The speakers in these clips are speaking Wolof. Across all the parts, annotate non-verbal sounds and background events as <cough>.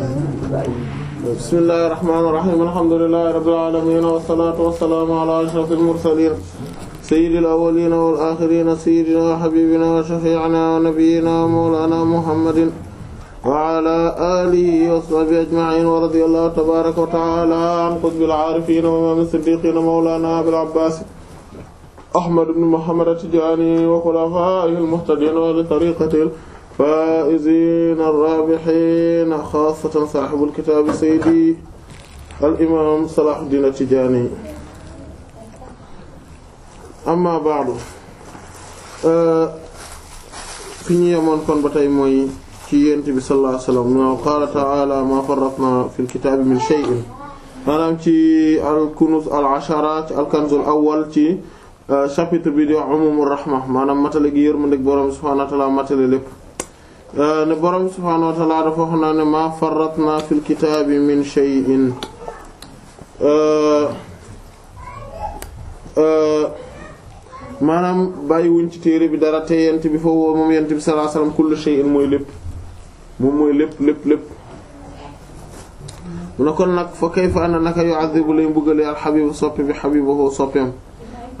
bismillahir rahmanir rahim alhamdulillahi rabbil alamin wassalatu wassalamu ala ashrafil mursalin sayyidil awwalin wal akhirin sayyidina wa habibina wa shafi'ina wa nabiyyina wa mawlana muhammadin wa ala alihi wa sahbihi ajma'in wa radiyallahu tabaraka wa ta'ala an qutbil arifin wa imam as-siddiqin mawlana abil abbas ahmad ibn muhammad at-tijani wa khulafa'ihil muhtadin wa li tariqatihi الفائزين الرابحين خاصة صاحب الكتاب سيدي الإمام صلاح الدين التجاني أما بعد fi ñu yemoon kon ba tey mooy ci yent bi sallallahu alayhi wasallam no qaala ta'ala ma farratna fil kitaabi min shay'in maanaam ci al kunuz al ashara ci al ci euh, chapitre bi di umumur rahma maanaam matale gi yërmandeeg borom subhanahu wa ta'ala matale lépp Euh, ne borom subhaanahu wa ta'aala dafa wax naa ne maa farratnaa fil kitaabi min shay'in euh, euh, maanaam bàyyiwuñ ci téere bi dara te yent bi foofu moom yent bi sallallahu alayhi wasallam kullu shay'in mooy lépp moom mooy lépp lépp lépp mu ne kon nag fa kayfa ana naka yu'adhibu lay mbuggalee alxabibu soppi bi xabibahu soppeem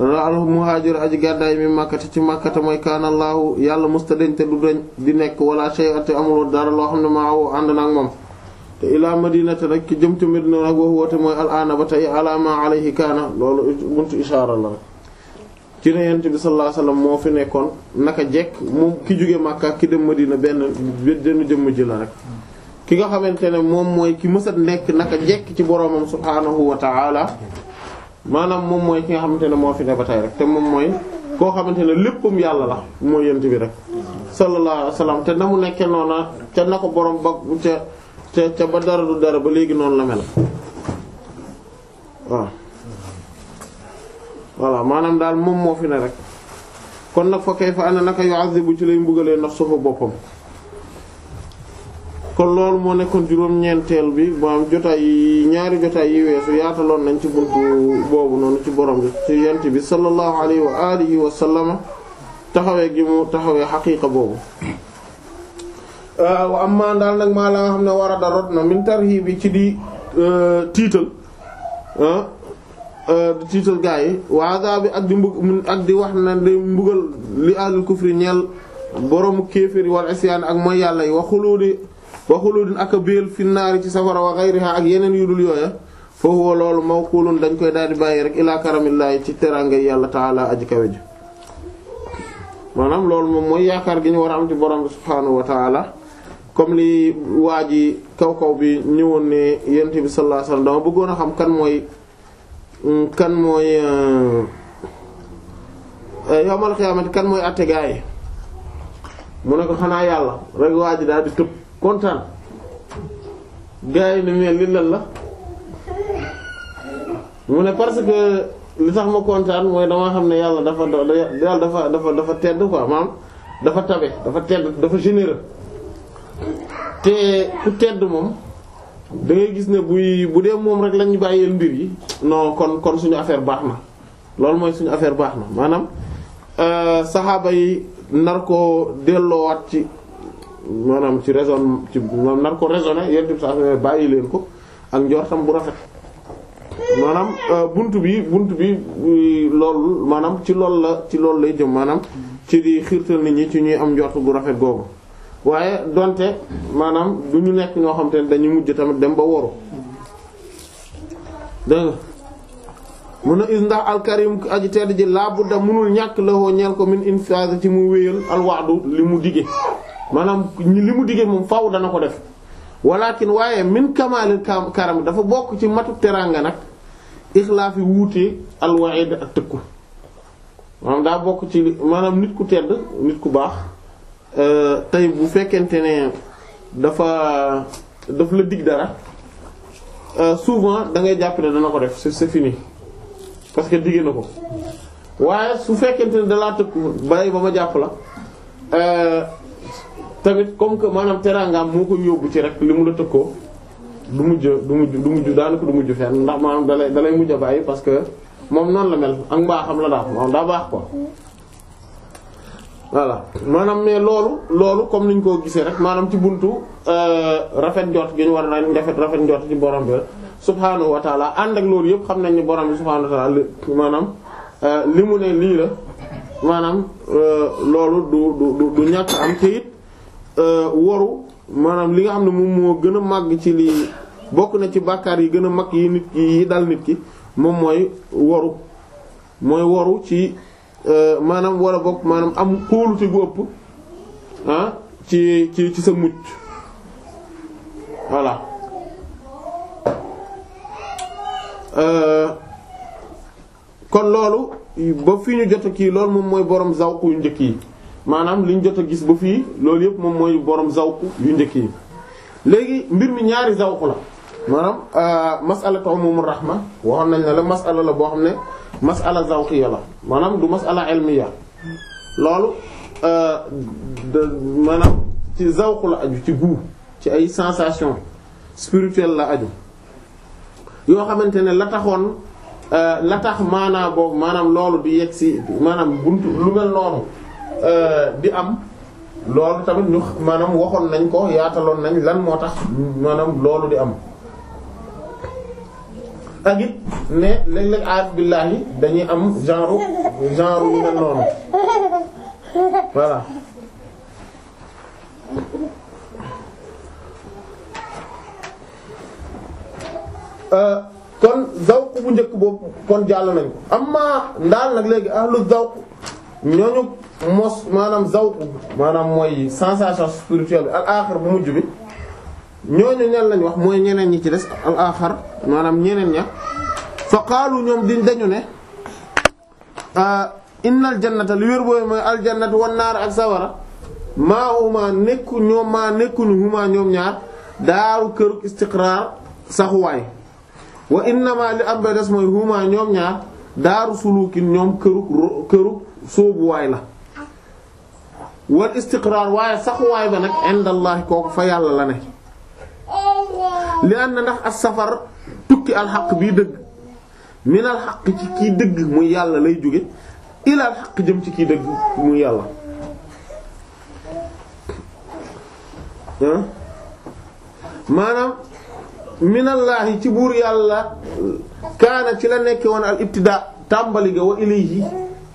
al muhaajir aji gàddaay mi màkkata ci màkkata mooy kaanallaahu yàlla musta dañ te du dañ di nekk walla shay ate amul dara loo xam ne ma woo ànd na moom te ilaa ki jëm ci madina nag wax aana ba tey ala ma alayhi kaana loolu buntu ishaara la rek ci ne yent bi sallallahu alayhi moo fi nekkoon naka jekk moom ki jóge màkka ki dem madina benn benn jëmm ji la rek ki nga xamante ne moom mooy ki mësa nekk naka jekk ci boroomam subhaanahu wa ta'ala maanaam moom mooy ki nga xamante ne moo fi ne ba tey rek te moom mooy koo xamante ne léppam yàlla la mooy yent bi rek sallallahu alayhi wasallam te na mu nekkee noona ca na ko boroom ba ca ca ca ba dara du dara ba léegi noonu la mel waaw voilà maanaam daal moom moo fi ne rek kon nag fa kayfa ana naka yu'azzibu ci lay mbugalee nafsuhu boppam kon loolu moo nekkoon juróom-ñeenteel bi maanaam jotaay yi ñaari jotaay yi weesu yaataloon nañ ci buntu boobu noonu ci borom bi ci yent bi sallallahu alayhi wa alihi wa sallama taxawee gi mu taxawee xaqiiqa boobu wa xam ne war da rot na min bi ci di euh, tiital ah, euh, di tiital gaa yi waaga bi ak di mbug ak di wax na di mbugal li ahlul kufri ñeel boroomu kéeféri wal isyaan ak mooy yàlla yi waxuloo de wa xuludin ak a béel fi naari ci safara wa xayriha ak yeneen yu dul yooya fa huwa loolu mawkulun dañ koy daal di bàyyi rek ilaa karamillaahi ci teraanga yàlla taala aj kawe ji maanaam loolu moom mooy yaakaar gi ñu war a am ci borom bi subhaanahu wa taala comme li waa ji kaw kaw bi ñëwoon ne yent bi sallallahu alayhi wasallam dama bëggoon a xam kan mooy kan mooy euh, yawmal qiyaamati kan mooy àtte gaa yi mu ne ko xanaa yàlla rek waa ji daal di tëb kontaan gars yi dañu ne li lan la mu ne parce que li tax ma kontaan mooy dama xam ne yàlla dafa yàlla dafa dafa dafa tedd ko maam dafa tabe dafa tedd dafa généreux te ku tedd moom dangay gis ne buy bu dee moom rek lañu bàyyeel mbir yi non kon kon suñu affaire baax na loolu mooy suñu affaire baax na maanaam euh, saxaaba yi nar koo delloowaat ci maanaam ci raison ci moom nar ko raisonné yéen tamit saa bàyyi leen ko ak njortam bu rafet. maanaam euh, bunt bi bunt bi euh, loolu maanaam ci lool la ci loolu lay jëm maanaam ci di xiirtal nit ñi ci ñuy am njort bu rafet googu waaye donte maanaam du ñu nekk ñoo xam te ne dañuy mujj tamit dem ba woru dégg mun a is ndax alkarim aji tedd ji laa da mënul ñàkk la woo ñeel ko min infase ci mu wéyal alwaadu li mu dige maanaam li mu diggee moom faaw dana ko def walakin waaye min kamaalil karam dafa bokk ci matu teraanga nag ixlaafi wuutee alwaid ak tëkku maanaam daa bokk ci maanaam nit ku tedd nit ku baax euh, tey bu fekkente ne dafa daf la dig dara euh, souvent da ngay jàpp ne dana ko def c'est fini parce que diggee na ko waaye su fekkente ne dalaa tëkku bàyyi ba ma jàpp la euh, tamit comme que maanaam teraangaam moo koy yóbbu ci rek li mu la tëkkoo du mujj du mujj du mujj daanaka du mujj fenn ndax maanaam dalay dalay mujj a bàyyi parce que moom noonu la mel ak am la daal moom daa baax quoi voilà maanaam mais loolu loolu comme niñ ko gisee rek maanaam ci buntu euh, rafet njort gi ñu war a def rafet njort ci borom bi subhaanahu wa taala ànd ak loolu yëpp xam nañ ni borom bi subhaanahu wa taala maanaam euh, li mu ne lii la maanaam euh, loolu du du du ñàkk am te Euh, waru maanaam li nga xam ne moom moo gën a màgg ci lii bokk na ci bàkkaar yi gën a mag yi nit yi dal nit ki moom mooy waru mooy waru ci euh, maanaam war a bokk maanaam am kóolute gu ëpp ah, ci ci ci sa mucc voilà euh, kon loolu ba fi ñu jot kii loolu moom mooy borom zawku njëkk yi maanaam liñ jot a gis ba fii loolu yëpp moom mooy borom zawq yu njëkk yi léegi mbir mi ñaari zawq la maanaam euh, masala umumur rahma waxoon nañ ne la masala la boo xam ne masala zawqiyya la maanaam du masala ilmiyya loolu euh, maanaam ci zawq la aju ci goût ci ay sensation spirituelle la aju yoo xamante ne la taxoon euh, la tax maanaa boobu maanaam loolu bi yegg si maanaam buntu lu mel noonu Euh, di am loolu tamit ñu maanaam waxoon nañ ko yaataloon nañ lan moo tax maanaam loolu di am ak it ne léeg-léeg aarif billaahi dañuy am genre genre yu mel noonu euh, kon zawq bu njëkk boobu kon jàll nañ ko amma daal nag léegi ahlu zawq ñooñu mos maanaam zawq maanaam mooy sensation spirituelle bi al axar bu mujj bi ñooñu ñan lañ wax mooy ñeneen ñi ci des al axar maanaam ñeneen ña fa qaalu ñoom diñ dañu ne innal jannata li wér booy mooy al jannatu wan naar ak sawara maa huma nekku ñoom maa nekkuñu huma ñoom ñaar daaru këru istiqraar saxuwaay wa innama am ba des mooy huma ñoom ñaar daaru sulukin ñoom këruk këruk sóobuwaay la wal istiqraar waaye saxuwaay ba nag indallaahi fa yàlla la ne li an ndax as safar tukki alxaq bii dëgg min alxaq ci kii dëgg muy yàlla lay jóge ila alxaq jëm ci kii dëgg muy yàlla maanaam minallaahi ci buur yàlla kaana ci la nekke woon al ibtidaa tàmbali ga wa ilayhi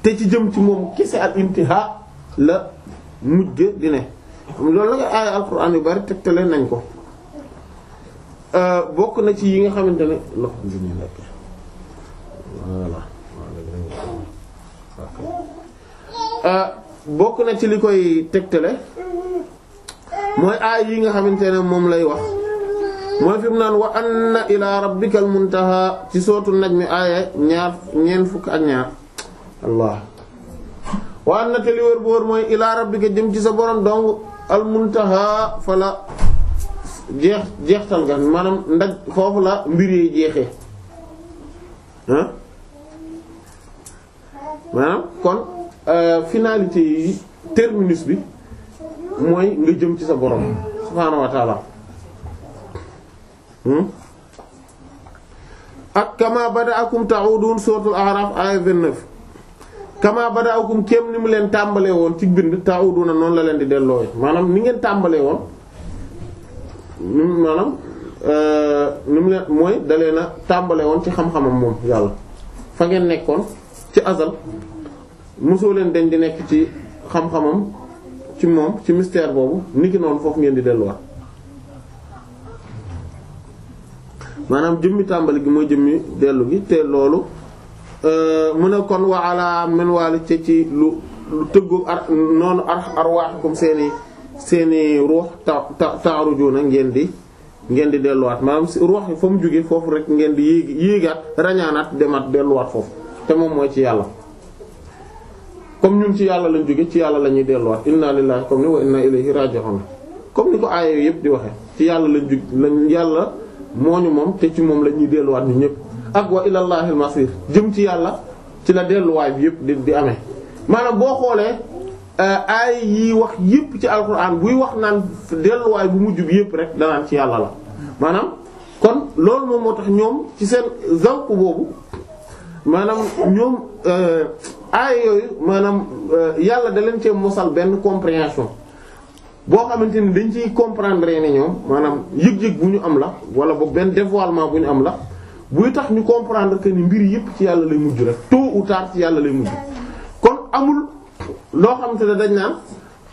te ci jëm ci moom kese al intiha la mujj di ne loolu la ay alquran yu bari tegtale nañ ko euh, bokk na ci yi nga xamante ne euh, bokk na ci li koy tegtale mooy aay yi nga xamante ne moom lay wax mooy fi na naan wa anna ila rabbikal muntaha ci sootu najmi aaya ñaar ñeent fukk ak ñaar allah waan na te li wër bu wër mooy ilaa rabbika jëm ci sa borom donc al muntaha fa la jeex jeextal ga maanaam ndaj foofu la mbir yi jeexee ah kon euh, finalité yi terminus bi mooy nga jëm ci sa borom subhaanahu wa taala hmm? ak kama bada'akum ta'udun suratul a'raf ayat 29 kama badaakum kéem ni mu leen tàmbalee woon ci bind ta'uduna noon la leen di delloo maanaam ni ngeen tàmbalee woon maanaam euh, ni mu leen mooy dalee na tàmbale woon ci xam-xamam moom yàlla fa ngeen nekkoon ci azal mosoo leen dañ di nekk ci xam-xamam ci moom ci mystère boobu niki noonu foofu ngeen di delluwaa maanaam jëmmi tàmbali gi mooy jëmmi dellu gi te loolu Euh, mu ne kon wa ala min waali ci ci lu lu tëggu ar noonu ar arwaaxukum seeni seeni ruux ta ta taarujuna ngeen di ngeen di delluwaat maanaam si ruux yi fa mu jógee foofu rek ngeen di yéeg yéegaat rañaanaat demaat delluwaat foofu te moom mooy ci yàlla comme ñun ci yàlla lañ jóge ci yàlla la ñuy delluwaat inna lillahi comme ni wa inna ilayhi raji'un comme ni ko aaya yëpp di waxe ci yàlla lañ jóg lañ yàlla moo ñu moom te ci moom la ñuy delluwaat ñu ñëpp ak wa ilallaahi al jëm ci yàlla ci la delluwaay bi yëpp di di amee maanaam boo xoolee euh, ay yi wax yëpp ci alxuraan buy wax naan delluwaay bu mujj bi yëpp rek danaan ci yàlla la maanaam kon loolu moom moo tax ñoom ci seen zanq boobu maanaam ñoom euh, aay yooyu maanaam euh, yàlla da leen cee mosal benn compréhension boo xamante ni dañ ciy comprendre ne ñoom maanaam yëg-yëg bu ñu am la wala boog benn dévoilement bu ñu am la buy tax ñu comprendre que ni mbir yëpp ci yàlla lay mujj rek tôt ou tard ci yàlla lay mujj kon amul loo xamante ne dañ naan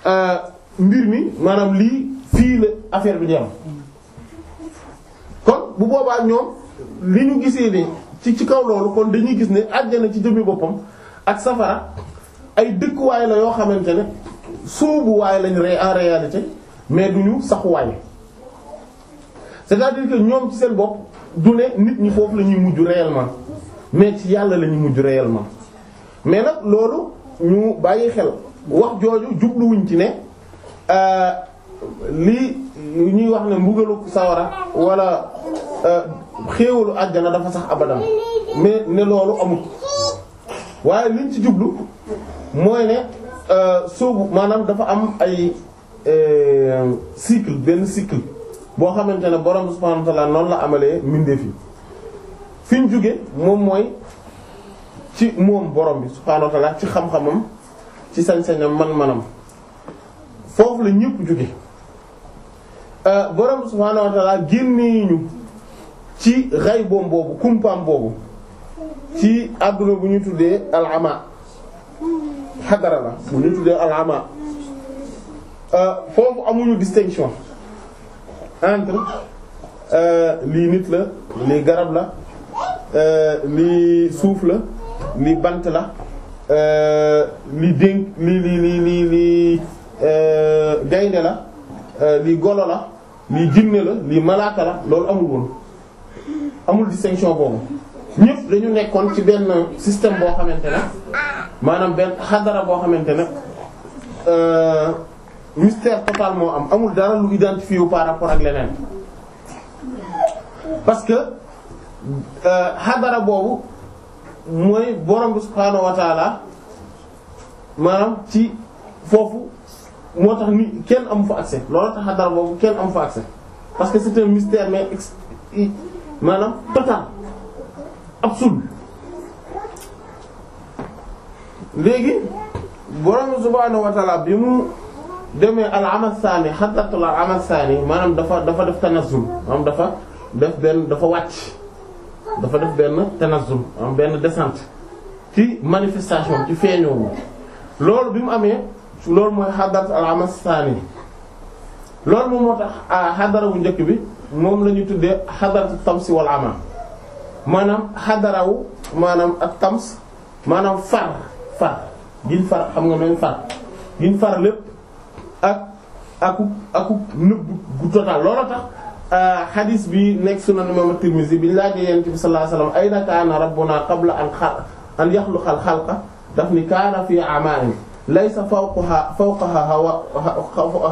euh, mbir mi maanaam lii fii la affaire bi di kon bu boobaa ñoom li ñu gisee ne ci ci kaw loolu kon dañuy gis ne àjjana ci jëmmi boppam ak safara ay dëkkuwaay la yoo xamante ne sóobuwaay lañ rey en réalité mais duñu saxuwaay c'est-à-dire que ñoom ci seen bopp. du ne nit ñi foofu la ñuy mujj réellement mais ci yàlla la ñuy mujj réellement mais nag loolu ñu bàyyi xel wax jooju jubluwuñ ci ne euh, lii ñuy wax ne mbugalu sawara wala euh, xéewalu àjjana dafa sax abadan mais ne loolu amul waaye liñ ci jublu mooy ne euh, soobu maanaam dafa am ay cycle benn cycle boo xamante ne borom subhaanahu wa ta'aala noonu la amalee mbindeef yi fi ñu jóge moom mooy ci moom borom bi subhaanahu wa ci xam-xamam ci sañ-sañam man-manam foofu la ñëpp jóge euh, borom subhaanahu wa ta'aala génnee ñu ci ray boom boobu kumpaam boobu ci àdduna bu ñu tuddee alama xadara la bu ñu tuddee alama euh, foofu amuñu distinction entre euh, lii nit la lii garab la euh, lii suuf la lii bant la euh, lii dénk lii lii lii lii lii gaynde la lii golo la lii jinne la lii malaaka la loolu amul woon amul distinction boobu ñëpp dañu nekkoon ci benn système boo xamante ne maanaam benn xadara boo xamante ne mystère total moo am amul dara lu identifié wu par rapport ak leneen parce que xadara euh, boobu mooy borom bi subhaanahu wa maanaam ci foofu moo tax ni kenn amu fa accès loolu tax xadara boobu kenn amu fa accès parce que c'est un mystère mais maanaam total absolu léegi borom bi subhaanahu wa bi mu demee al amal saani xadratul al amal saani maanaam dafa dafa def tanazul maanaam dafa def benn dafa wàcc dafa def benn tanazul maanaam benn descente ci manifestation ci feeñoo loolu bi mu amee loolu mooy xadratul al amal saani loolu moom moo tax ah, xadara njëkk bi moom la ñuy tuddee xadaratu tams wal ama maanaam xadarawu maanaam ak tams maanaam far far giñ far xam nga même far giñ far lépp ak aku aku nëbb loolu tax euh, xadis bi nekk sunan imam Tirmizi bi ñu laajee yonent bi sallallahu alayhi wasallam ayna kaana rabbuna qabla an xal an yaxluqa al xalqa daf ni kaana fi amaanin laysa fawqaha fawqaha hawa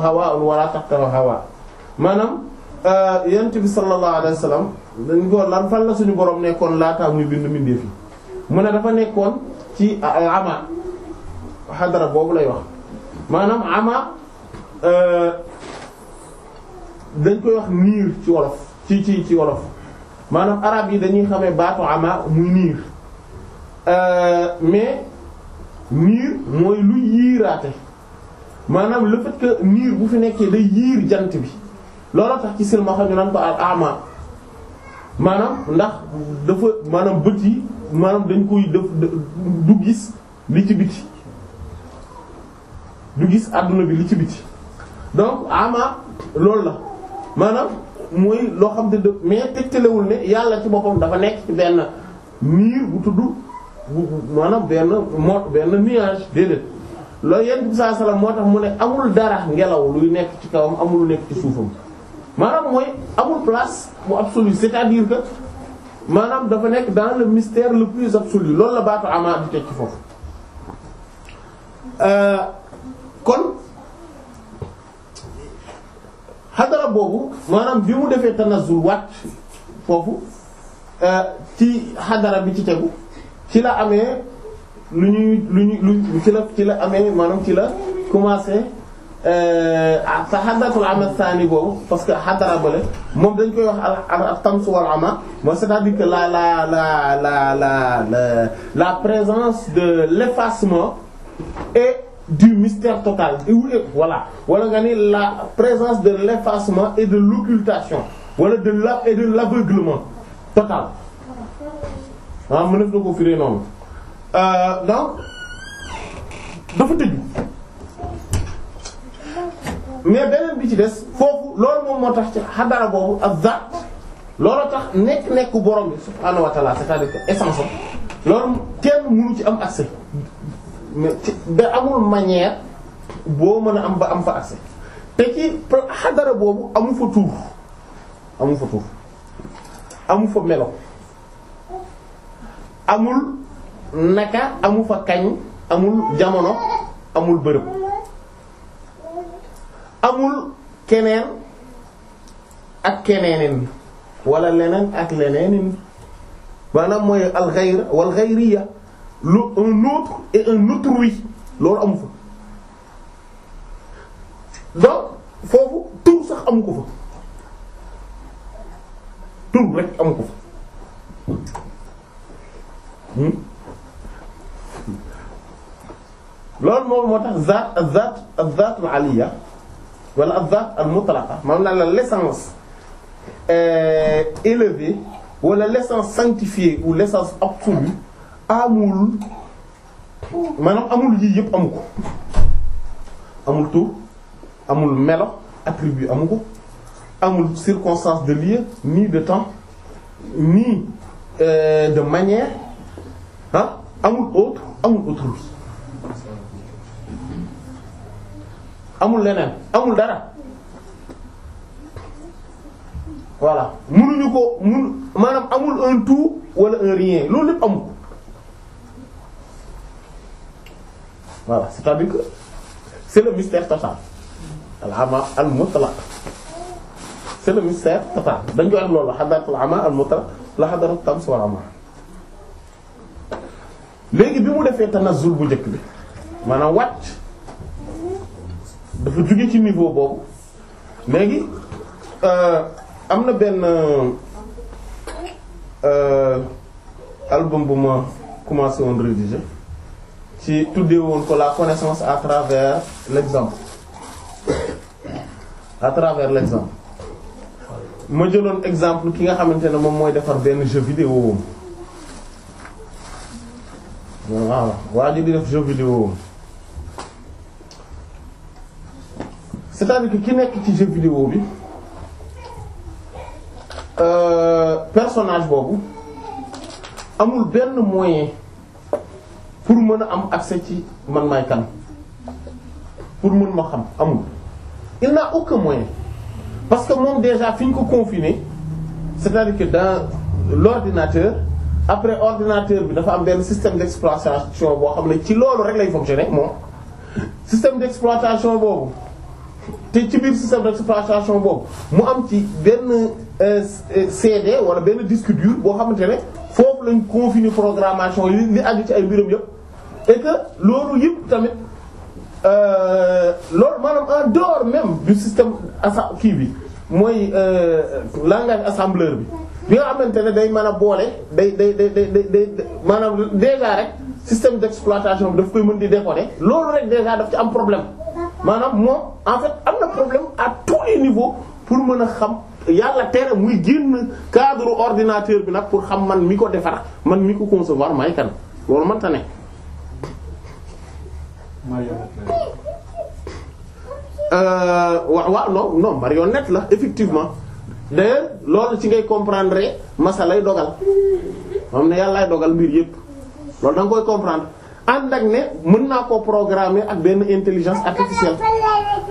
hawaa'un wala tahtaha hawaa'un maanaam euh, yonent bi sallallahu alayhi wasallam dañ ko lan fan la suñu borom nekkoon laataa muy bind mbindeef yi mu ne dafa nekkoon ci euh, ama boobu lay wax maanaam ama Euh, dañ koy wax niir ci wolof ci ci ci wolof maanaam arab yi dañuy xamee baatu ama muy niir euh, mais niir mooy lu yiiraate maanaam le fait niir bu fi nekkee day yiir jant bi looloo tax ci silmaxa ñu naan ko al ama maanaam ndax dafa maanaam bët yi maanaam dañ koy def du gis li ci biti du gis àdduna bi li ci biti donc ama loolu la maanaam mooy loo xam te dë mais telewul ne yàlla ci boppam dafa nekk ci benn niir bu tudd bu maanaam benn mot benn nuage déedéet loolu yent bi moo tax mu ne amul dara ngelaw luy nekk ci kawam amul lu nekk ci suufam maanaam mooy amul place bu absolu c'est-à-dire que maanaam dafa nekk dans le mystère le plus absolu loolu la baatu ama di teg ci foofu euh, kon xadara boobu maanaam bi mu defee tanazzul wàcc foofu euh, ci xadara bi ci tegu ci la amee lu ñuy lu ñuy lu ci la ci la amee maanaam ci la commencé euh, sa xadaratul ama saani boobu parce que xadara bale moom dañ koy wax al tamsu wal ama mooy c'est-à-dire que la la la la la la la présence de l'effacement et du mystère total et voilà wala nga ni la présence de l'effacement et de l'occultation wala de la et de l'aveuglement total ah mu nekk na ko firee noonu euh, donc dafa tëju mais beneen bi ci des foofu loolu moom moo tax ci xadara boobu ak zat loolu tax nekk-nekk borom bi subhaanahu wa ta'ala cest essence loolu kenn mënu ci am accès mais amul manière boo mën a am ba am fa accès te ci xadara boobu amu fa tuur amu fa tuur amu fa melo amul naka amu fa kañ amul jamono amul bërëb amul keneen ak keneenin wala leneen ak leneenin maanaam mooy al ghayr lu un loolu amu fa donc foofu tur sax amu ko fa tur rek amu ko lool hmm? loolu moom moo tax zaat ak zaat ak zaat al aliya wala ak zaat al mutlaqa maanaam naa la l'essence euh, élevée wala l'essence sanctifiée ou l'essence absolue amul maanaam amul yii yëpp amu ko amul tur amul melo attribut amu ko amul circonstance de lieu ni de temps ni euh, de manière ah amul autre amul autrui amul leneen amul dara voilà mënuñu ko mun maanaam amul un tout wala un rien loolu lépp amu waaw c'est-à-dire que c'est le mystère total al-ama al-mutlaq c'est le mystère dañ koy am loolu la hadrat tams wal ama léegi bi mu defee tanazzul bu njëkk bi maanaam wàcc dafa jóge ci niveau boobu léegi euh, am na benn euh, album bu ma commencé woon rédiger ci tuddee woon ko la connaissance à travers l'exemple à travers l'exemple ma jëloon exemple ki nga xamante ne moom mooy defar benn jeu vidéo woom waaw waa ji di def jeu vidéo woom c'est-à-dire ki nekk ci jeu vidéo bi euh, personnage boobu amul benn moyen pour mën a am accès ci man maay kan pour mën ma xam amul il n'a aucun moyen parce que moom déjà fi ñu ko confiné c'est-à-dire que dans l'ordinateur après ordinateur bi dafa am benn système d'exploitation boo xam ne ci loolu rek lay fonctionner moom système d'exploitation boobu te ci biir système d'exploitation boobu mu am ci benn euh, CD wala benn disque dur boo xamante ne foofu lañ confiner programmation yi li aju ci ay mbiram yëpp et que loolu yëpp tamit euh, loolu maanaam en dehors même du système assa kii bi mooy euh, langage assembleur bi bi nga xamante ne day mën a boole day day day day maanaam déjà rek système d'exploitation bi daf koy mën di décoder loolu rek déjà daf ci am problème maanaam moom en fait am na problème à tous les niveaux pour mën a xam yàlla tere muy génn cadre ordinateur bi nag pour xam man mi ko defar man mi ko concevoir may kan loolu mënta ne. Euh, waaw no non non marionnette la effectivement d'ailleurs loolu ci ngay comprendre masalay dogal moom yàlla yàllaay dogal mbir yépp loolu da koy comprendre ànd ak ne mën naa koo programme ak benn intelligence artificielle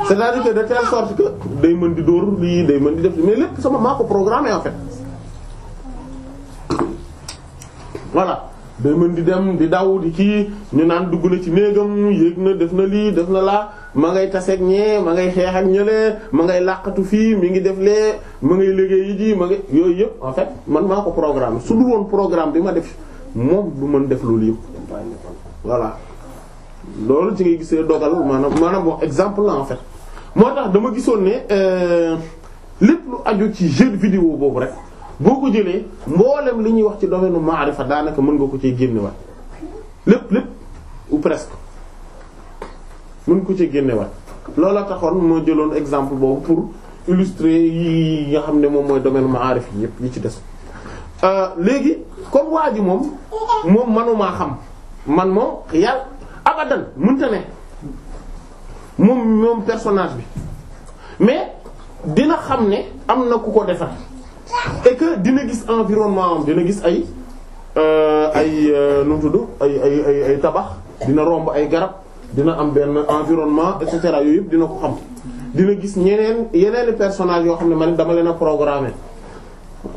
c'est-à-dire que de telle sorte que day mën di dóor lii day mën di def mais lépp sama maa ko programme en fait voilà day mën di dem di daw di kii ñu naan dugg na ci néegam yéeg na def na lii def na laa ma ngay taseeg ñee ma ngay xeex ak ñëlee ma ngay làqatu fii mi ngi def lee mu ngay liggéey yi ji ma ngay yooyu yëpp en fait man maa ko programme su dul woon programme bi ma def moom du mën def loolu yëpp voilà loolu ci ngay gisee dogal maanaam maanaam bon exemple la en fait moo tax dama gisoon ne euh, lépp lu aju ci jeu vidéo boobu rek boo ko jëlee mboolem li ñuy wax ci domaine maarifa daanaka mën nga ko cee génnewaat lépp lépp ou presque mën ko cee génnewaat loola taxoon moo jëloon exemple boobu pour illustrer yi nga xam ne moom mooy domaine maarifa yépp yi ci des euh, léegi comme waa ji moom moom manumaa xam man moom yàlla abadan mënta ne moom moom personnage bi mais dina xam ne am na ku ko defar et dina gis environnement am dina gis ay euh, ay euh, nu mu ay ay ay ay tabax dina romb ay garab dina am benn environnement et yooyu yëpp dina ko xam. dina gis ñeneen yeneen personnage yoo xam ne man dama leen a programmer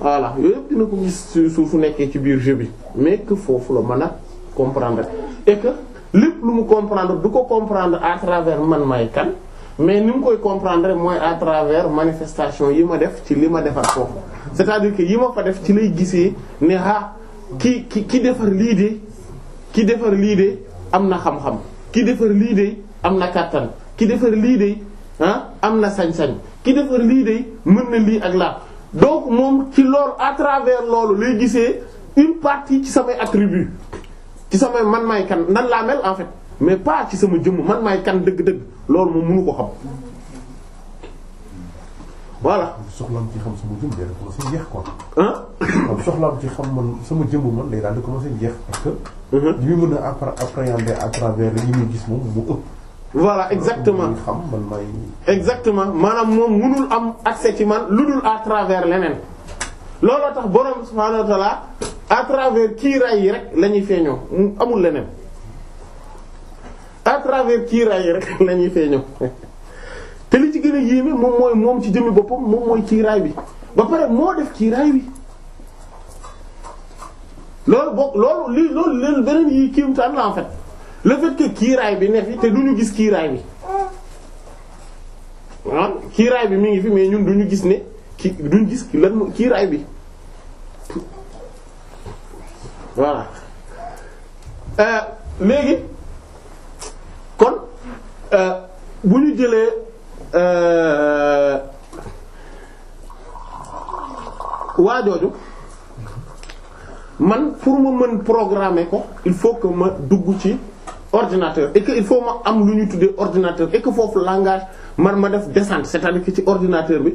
voilà yooyu yëpp dina ko gis suufu nekkee ci biir jeu bi mais foofu la man a comprendre et que lépp lu mu comprendre du ko comprendre à travers man may kan mais ni mu koy comprendre mooy à travers manifestation yi ma def ci li ma defar foofu. c'est-à-dire que yi ma ko def ci lay gisee ne ah ki ki ki defar lii de ki defar lii de am na xam-xam ki defar lii de am na kàttan ki defar lii de ah, am na sañ-sañ ki defar lii de mën na lii ak laa donc moom ci loolu à travers loolu lay gisee une partie ci samay attribut ci samay man maay kan nan laa mel en fait mais pas ci sama jëmm man may kan dëgg-dëgg loolu moom mënu ko xam voilà. soxlaam ci xam sama jëm day daal jeex quoi. ah. soxlaam ci xam man sama jëmbu man day daal di commencé jeex parce que. Mhm. li muy mën a appréhender à travers li muy gis moom mu ëpp. voilà exactement xam man may. exactement maanaam moom mënul am accès ci man lu dul à travers leneen looloo tax borom subhaanahu wa ta'aala à travers kiiraay yi rek la ñuy feeñoo mu amul leneen à travers kiiraay yi rek <laughs> la feeñoo. te li ci gën a yéeme moom mooy moom ci jëmmi boppam moom mooy kiiraay bi ba pare moo def kiiraay bi loolu bokk loolu li loolu leen beneen yi kiiraay bi ne gis kiiraay bi ah bi mi ngi fi mais ñun du ñu gis ne ki duñu gis lan kiiraay bi voilà euh, léegi kon euh, bu ñu jëlee. Euh, waa jooju man pour ma mën programmer ko il faut que ma dugg ci ordinateur et que il faut ma am lu ñu tuddee ordinateur et foofu langage man ma def descente cest à ci ordinateur bi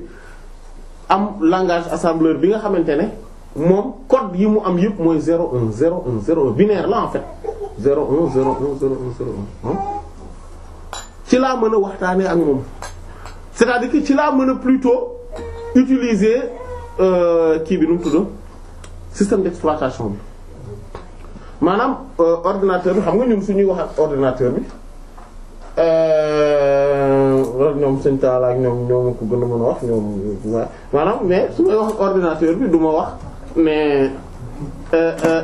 am langage assembleur bi nga xamante ne moom code yi mu am yëpp mooy 01 01 01 binaire la en fait 01 01 01 01 ci laa mën a waxtaanee ak moom. c'est-à-dire que ci laa mën a plutôt utiliser euh, kii bi nu mu tudd système d'exploitation bi maanaam euh, ordinateur bi xam nga ñun suñuy wax ak ordinateur bi euh, loolu ñoom sëñ Talla ak ñoom ñoo ma ko gën a mën a wax ñoom maanaam mais su may wax ordinateur bi du ma wax mais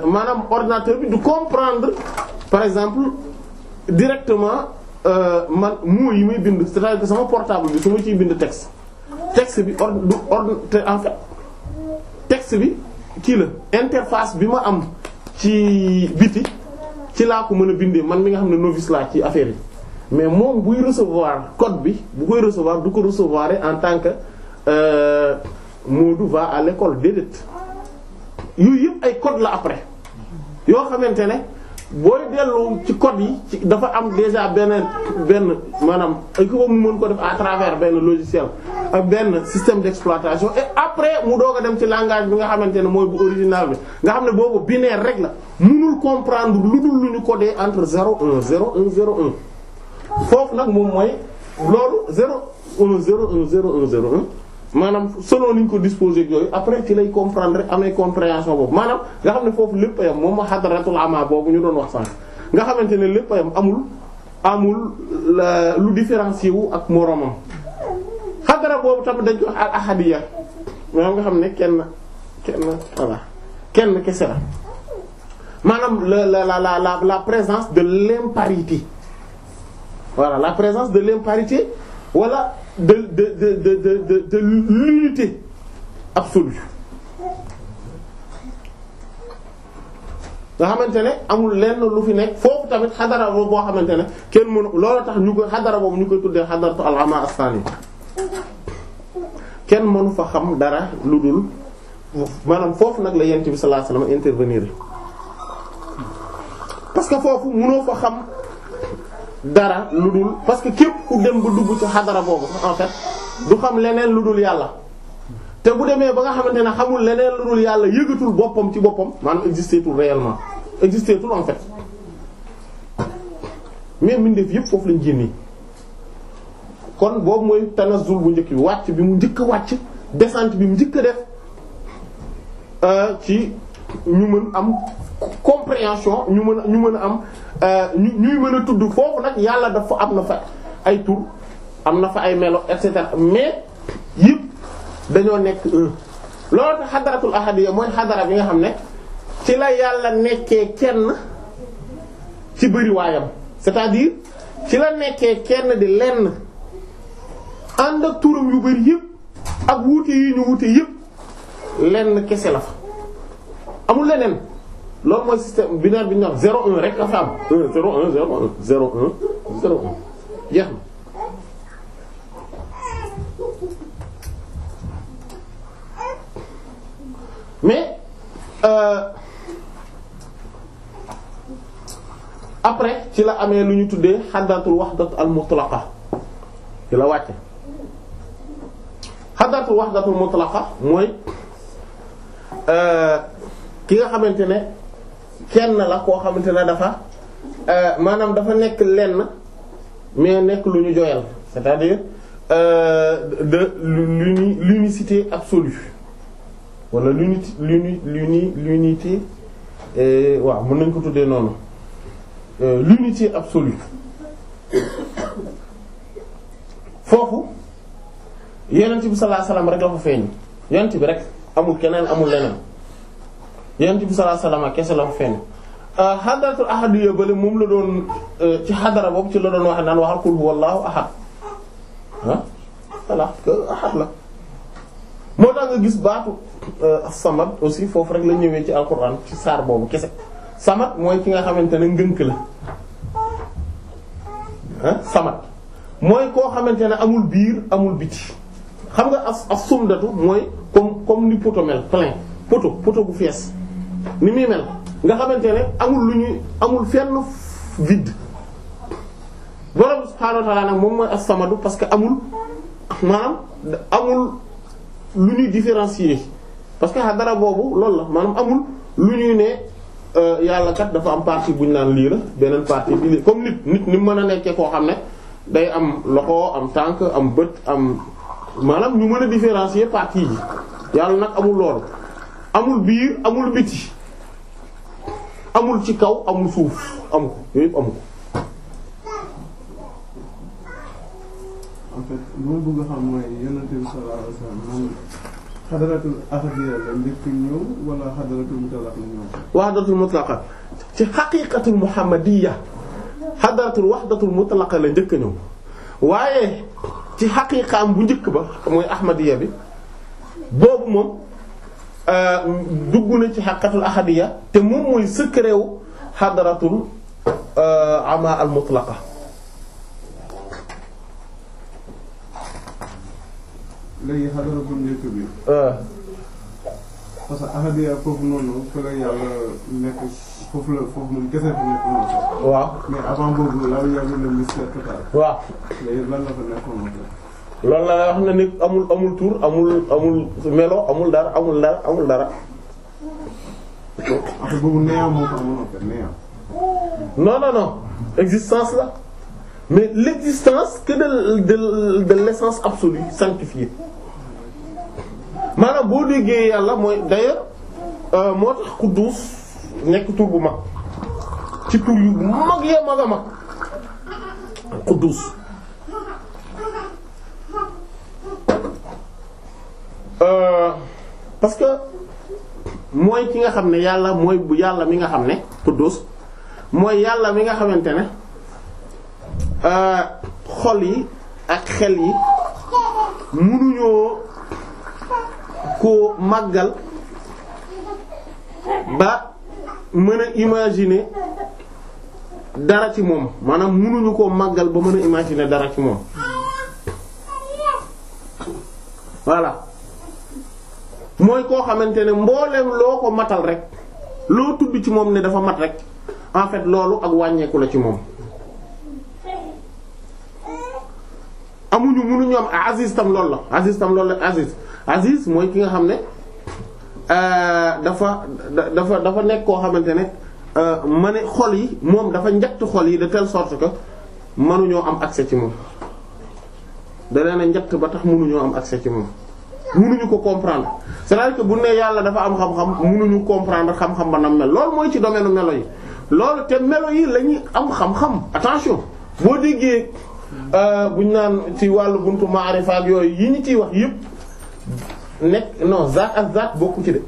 maanaam ordinateur bi du comprendre par exemple directement. Euh, man mots yi muy bind c'est-à-dire sama portable bi su ma ciy bind texte texte bi or du ordre te en fait texte bi kii la interface bi ma am ci biti ci laa ko mën a bindee man mi nga xam ne novice laa ci affaire yi mais moom buy recevoir code bi bu koy recevoir du ko recevoir en tant que euh, Modou va à l'école déedéet yooyu yëpp ay code la après yoo xamante ne. booy dellu ci code yi dafa am déjà benn benn maanaam ay ko mu mën ko def à travers benn logiciel ak benn système d'exploitation et après mu doog a dem ci langage bi nga xamante ne mooy bu original bi nga xam ne boobu binaire rek la mënul comprendre lu dul lu ñu codé entre 0 1 0 1 0 1 foofu nag moom mooy loolu 0 1 0 1 0 1 0 1 maanaam solo ni ko disposé yooyu après ci lay comprendre amee compréhension boobu maanaam nga xam ne foofu lépp a yam moom ma xadaratul ama boobu ñu doon wax sànq nga xamante ne lépp a yam amul amul lu différencier wu ak moromam xadara boobu tam dañ ko ahadiya maanaam nga xam ne kenn kenn kese la maanaam la la la la la présence de l'imparité voilà la présence de l'imparité wala. de de de de de de l'unité absolue nga xamante ne amul lenn lu fi nekk foofu tamit xadara boobu boo xamante ne kenn mënu loolu tax ñu koy xadara boobu ñu koy tuddee xadaratu al-ama as-sani kenn mënu fa xam dara lu dul maanaam foofu nag la yent bi sallallahu alayhi wasallam intervenir parce foofu mënoo fa xam dara lu dul parce que képp ku dem ba dugg ci xadara boobu en fait du xam leneen lu dul yàlla te bu demee ba nga xamante ne xamul leneen lu dul yàlla yëgatul boppam ci boppam maanaam existé tul réellement existé tul en fait mais mbindeef yëpp foofu la génnee kon boobu mooy tanazzul bu njëkk wàcc bi mu njëkk wàcc descente bi mu njëkk a def euh, ci ñu mën am. compréhension ñu mën a ñu mën a am euh, ñu ñuy mën a tudd foofu nag yàlla dafa am na fa ay tur am na fa ay melo et cetera mais yëpp dañoo nekk un loolu tax xadaratul ahadiya mooy xadara bi nga xam ne ci la yàlla nekkee kenn ci bëriwaayam c'est-à-dire ci la nekkee kenn di lenn ànd ak turam yu bëri yëpp ak wuute yi ñu wuute yëpp lenn kese la fa amul leneen. loolu mooy système binaire bi ñu wax rek dafa am 1 0 1 0 1 0 1 jeex na. mais euh, après ci la amee lu ñu tuddee xaddatul waxdatu al mutlaqa ci la wàcce xaddatul waxdatul mutlaqa mooy euh, ki nga xamante ne. kenn la koo xamante ne dafa euh, maanaam dafa nekk lenn mais nekk lu ñu joyal c'est-à-dire euh, de l'uni l'unicité absolue lu l'unité l'uni l'unité euh, waaw mën nañ ko tuddee noonu l'unité absolue foofu yonent bi sallallahu alayhi wasallam rek la fa feeñ yonent bi rek amul keneen amul leneen yonent bi sallallahu alayhi kese la fa feeñ xadaratul euh, ahad yooyu bële moom la doon euh, ci xadara boobu ci la doon wax naan waxal qul huwallahu ahad ah voilà que ahad la. moo tax nga gis baatu euh, samad aussi foofu rek la ñëwee ci alquran ci saar boobu kese samad mooy ki nga xamante ne ngënk la ah samad mooy koo xamante ne amul biir amul biti xam nga as as sumdatu mooy comme comme ni poto mel plein poto poto bu fees. ni muy mel nga xamante ne amul lu ñuy amul fenn vide borom subhaanahu wa ta'aala nag moom mooy as-samadu parce que amul maanaam amul lu ñuy différencier parce que dara boobu loolu la maanaam amul lu ñuy ne euh, yàlla kat dafa am partie bu ñu naan lii la beneen partie bi lii comme nit nit ni mën a nekkee koo xam ne day am loxo am tànk am bët am maanaam ñu mën a différencier partie yi yàlla nag amul loolu. amul biir amul biti amul ci kaw amul suuf amu ko yooyu yëpp amu ko. en fait xam xadaratul axadiya la njëkk ñëw wala xadaratul mutlaqa ci xaqiqatul muhammadiyya xadaratul wahdatul mutlaqa la njëkk ñëw waaye ci xaqiqaam bu njëkk ba mooy ahmadiyya bi boobu moom. Euh, dugg na ci xaqatul ahadiya te moom mooy secret wu xadaratul euh, ama al mutlaqa léegi xadara bu njëkk bi. Euh. parce que foofu noonu fa yàlla nekk foofu la foofu moom gese fa nekk noonu. waaw mais avant boobu la yàlla le mystère total. waaw léegi lan la fa nekkoon loolu la wax na nit amul amul tour amul amul melo amul dara amul dara amul dara. non non existence là mais l'existence que de de de l'essence absolue sanctifiée maanaam boo liggéey yàlla mooy d'ailleurs euh, moo tax Quddus nekk tur bu mag ci tur yu mag ya mag a mag Quddus. Euh, parce que mooy ki nga xam ne yàlla mooy bu yàlla mi nga xam ne Quddus mooy yàlla mi nga xamante ne euh, xol yi ak xel yi munuñoo ko màggal ba mën a imaginer dara ci moom maanaam munuñu koo màggal ba mën a imaginer dara ci moom voilà mooy koo xamante ne mbooleem loo ko matal rek loo tudd ci moom ne dafa mat rek en loolu ak wàññeeku la ci moom amuñu mënuñu am Aziz tam lool la Aziz tam loolu la Aziz Aziz mooy ki nga xam ne euh, dafa dafa dafa nekk koo xamante ne euh, ma ne xol yi moom dafa njatt xol yi de telle sorte que mënuñoo am accès ci moom da leen a ba tax mënuñoo am accès ci moom mënuñu ko comprendre cest à bu ne yàlla dafa am xam-xam mënuñu comprendre xam-xam ba nam mel loolu mooy ci domaine melo yi loolu te melo yi la am xam-xam attention boo déggee euh, buñ naan ci wàll buntu maarifa ak yooyu yi ñu ciy wax yépp nekk non zaat ak zaat bokku ci de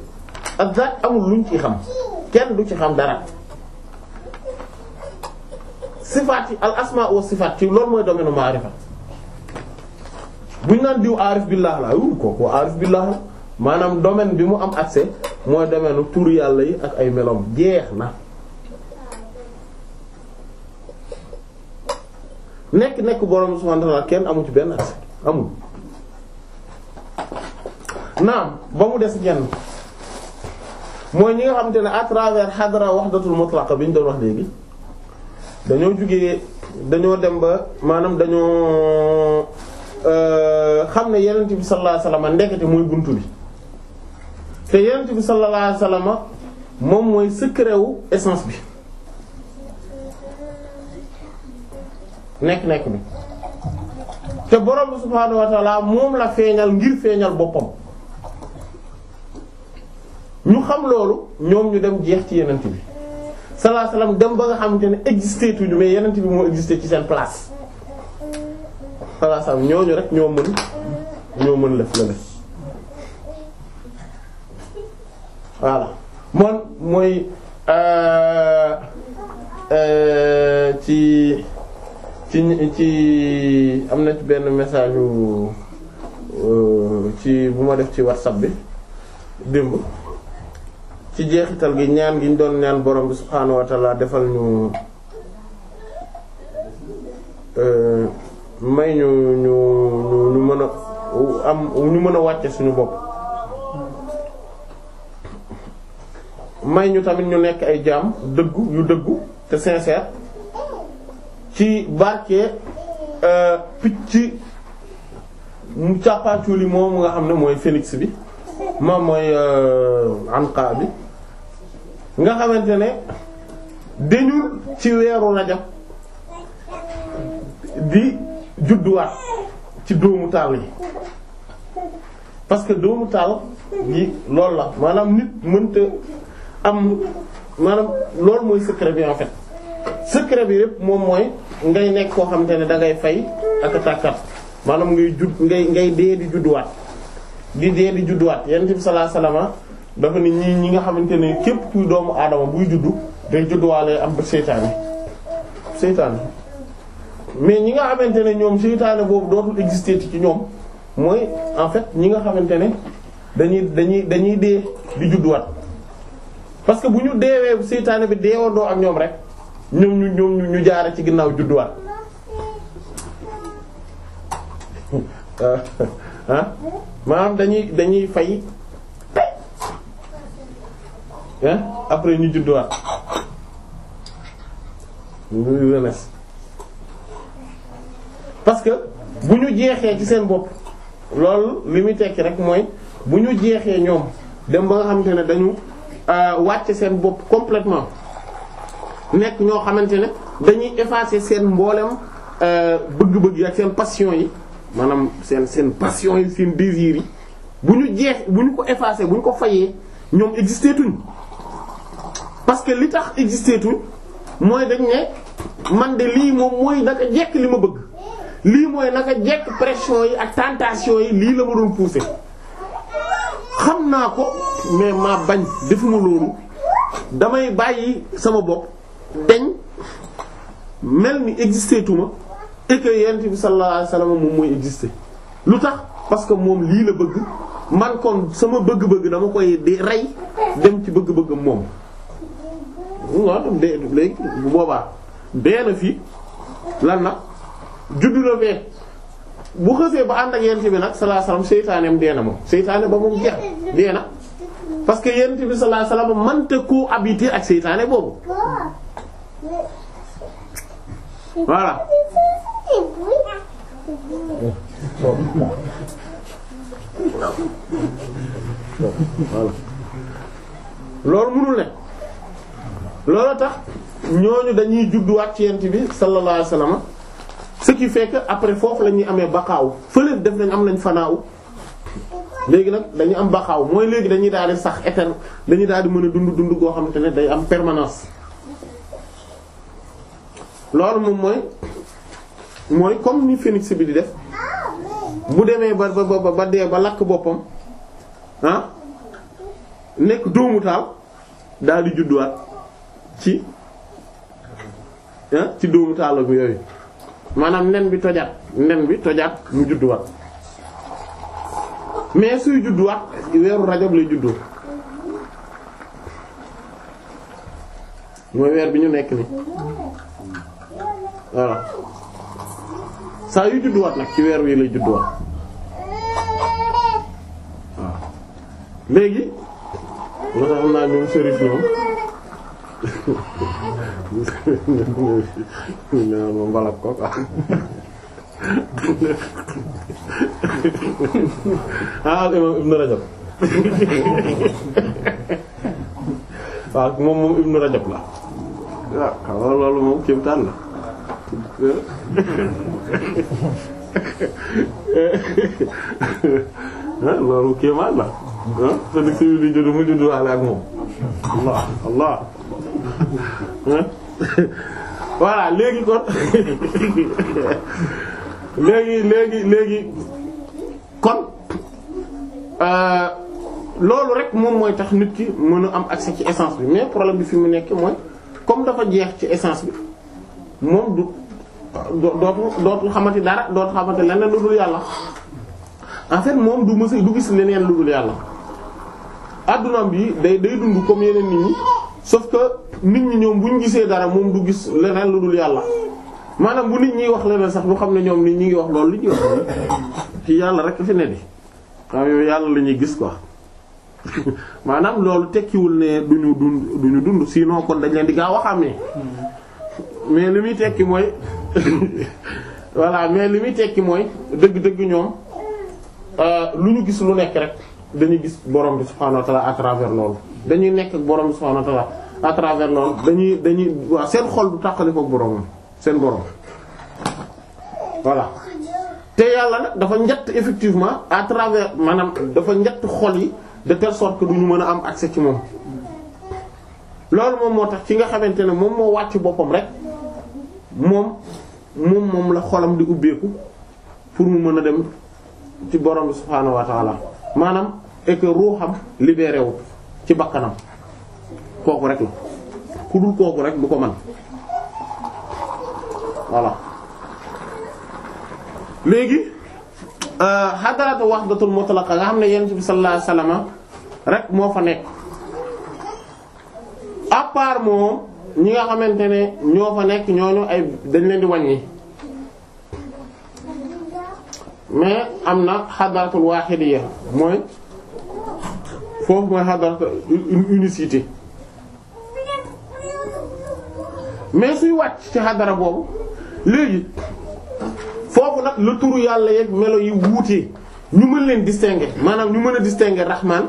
ak zaat amul luñ ci xam kenn du ci xam dara sifaat yi al asma wa sifaat ci loolu mooy domaine maarifa bu ñu naan diw aarif billah la wu kooku aarif billah la maanaam domaine bi mu am accès mooy domaine tur yàlla yi ak ay melom jeex na. nekk nekk borom subhanahu wa ta'ala kenn amu ci benn accès amul naam ba mu des ñenn mooy ñi nga xamante ne à travers xadra wahdatul mutlaq bi ñu doon wax léegi dañoo jugee dañoo dem ba maanaam dañoo. Euh, xam ne yonent bi sallallahu alayhi wasallam ndekete mooy buntu bi te yonent bi sallallahu alayhi wasallam moom mooy secret wu essence bi nekk-nekk bi te borom bi subhaanahu wa ta'ala moom la feeñal ngir feeñal boppam ñu xam loolu ñoom ñu dem jeex ci yonent bi sallallahu alayhi wasallam dem ba nga xamante ne existé tuñu mais yonent bi moo existé ci seen place sallallahu alayhi wasallam ñooñu rek ñoo mën ñoo mën lëf la def voilà moom mooy euh, euh, ci ci ci am na benn message euh, ci bu ma def ci whatsapp bi démb ci jeexital gi ñaan gi ñu doon ñaan borom bi subhaanahu wa ta'ala defal ñu may ñu ñu ñu mën a am ñu mën a wàcce suñu bopp may ñu tamit ñu nekk ay jaam dëggu yu dëggu te sincère ci barke euh, picc mu càppaaculi moom nga xam ne mooy phénix bi moom mooy euh, anqa bi nga xamante ne dañul ci weeru rajab di judduwaat ci doomu taal yi parce que dóomu taal yi loolu la maanaam nit mënta am maanaam loolu mooy secret bi en fait secret bi yépp moom mooy ngay nekk koo xamante ne dangay ngay fay ak tàkkat maanaam ngay judd ngay ngay dee di judduwaat di dee di judduwaat yonent bi sallallahu alayhi wasallam dafa ni ñi ñi nga xamante ne képp kuy doomu aadama buy juddu day judduwaalee am ba seytaane seytaan mais ñi nga xamante ne ñoom seytaane boobu dootul exister ci ñoom mooy en fait ñi nga xamante ne dañuy dañuy dañuy dee di judduwaat parce que bu ñu deewee seytaane bi deewandoo ak ñoom rek ñoom ñu ñu ñu jaare ci ginnaaw judduwaat <laughs> ah maanaam dañuy dañuy fay ah après ñu judduwaat parce que bu ñu jeexee ci seen bopp loolu li muy tekki rek mooy bu ñu jeexee ñoom dem ba nga xamante ne dañu euh, wàcce seen bopp completement nekk ñoo xamante ne dañuy effacer seen mboolem euh, bëgg-bëgg yi ak seen passion yi maanaam seen seen passion yi seen désir yi bu ñu jeex bu ñu ko effacer bu ñu ko fayee ñoom existé tuñ parce que li tax existé tuñ mooy dañ ne man de lii moom mooy daka jekk li ma bëgg. lii mooy naka jekk pression yi ak tentation yi lii la ma doon poussé xam naa ko mais ma bañ defuma loolu damay bàyyi sama bopp teñ mel ni existé tuma et que yonent bi sallallahu alayhi moom mooy existé lu tax parce que moom lii la bëgg man kon sama bëgg-bëgg dama koy di rey dem ci bëgg-bëggam moom bu boobaa dee na fii lan nag juddu na fee bu xësee ba ànd ak yent bi nag sallallahu alayhi wasallam seytaaneem dee moom seytaane ba moom jeex dee na parce que yent bi sallallahu alayhi wasallam mënta koo habité ak seytaane boobu voilà. loolu mënul ne loolu tax ñooñu dañuy judduwaat ci yent bi sallallahu alayhi ce qui fait après foofu la ñuy amee baqaaw fële def nañ am nañ fanaaw léegi nag dañu am baqaaw mooy léegi dañuy daal sax étern dañuy daal di mën a dund dund goo xamante ne day am permanence loolu moom mooy mooy comme ni phénix bi di def bu demee ba ba ba dee ba lakk boppam ah, nekk dóomu taal daal di judduwaat ci ah ci dóomu taal bi yooyu. maanaam nen bi tojaat nen bi tojaat mu judduwaat mais suy judduwaat weeru rajab lay juddu mooy weer bi ñu nekk ni voilà saa yu judduwaat nag ci weer wi lay judduwaat waaw léegi moo xam naa ñoom sëriñ ñoom nee ma mbalak moom moom la <laughs> <laughs> ah, loolu moom kéemtaan la loolu kéemaan la te nag si mu juddu waale ak moom allah allah <laughs> voilà léegi kon <laughs> léegi léegi léegi kon euh, loolu rek moom mooy tax nit ki mën a am accès ci essence bi mais problème bi fi mu nekk mooy comme dafa jeex ci essence bi moom du dootul dootul xamante dara dootul xamante leneen lu dul yàlla en fait moom du mës du gis leneen lu dul yàlla adduna bi day day dund comme yeneen nit ñi sauf que nit ñi ñoom bu ñu gisee dara moom du gis leneen lu dul yàlla maanaam bu nit ñi wax leneen sax du xam ne ñoom nit ñi ngi wax loolu li ñuy wax ci yàlla rek fi ne di xam yow yàlla la ñuy gis ko <laughs> maanaam loolu tekkiwul ne du ñu dund du ñu dund sinon kon dañ leen di gaaw a xàmmee mais li muy tekki mooy <laughs> voilà mais li muy tekki mooy dëgg-dëgg ñoom euh, lu ñu gis lu nekk rek dañuy gis borom bi subhaanahu wa ta'ala à travers loolu. dañuy nekk ak borom subhaanahu wa à travers loolu dañuy dañuy waaw seen xol du tàqaliko boromam seen borom voilà te yàlla nag dafa njett effectivement à travers maanaam dafa njett xol yi de telle sorte que duñu mën a am accès ci moom loolu moom moo tax ki nga xamante ne moom moo wàcc boppam rek moom moom moom la xolam di ubbeeku pour mu mën a dem ci borom bi subhaanahu wa maanaam et que ruuxam libéré wu ci bakkanam kooku rek la ku dul kooku rek bu ko man voilà léegi xadaratu euh, wahdatul mutlaqa nga xam ne yonent bi sallallahu alayhi wasallam rek moo fa nekk à part moom ñi nga xamante ne ñoo fa nekk ñooñu ay dañ leen di wàññi mais am na xadaratul wahidiyya mooy foofu mooy xadara une unicité mais suy wàcc ci xadara boobu léegi foofu nag la turu yàlla yeeg melo yi wuutee ñu mën leen distinguer maanaam ñu mën a distinguer rahman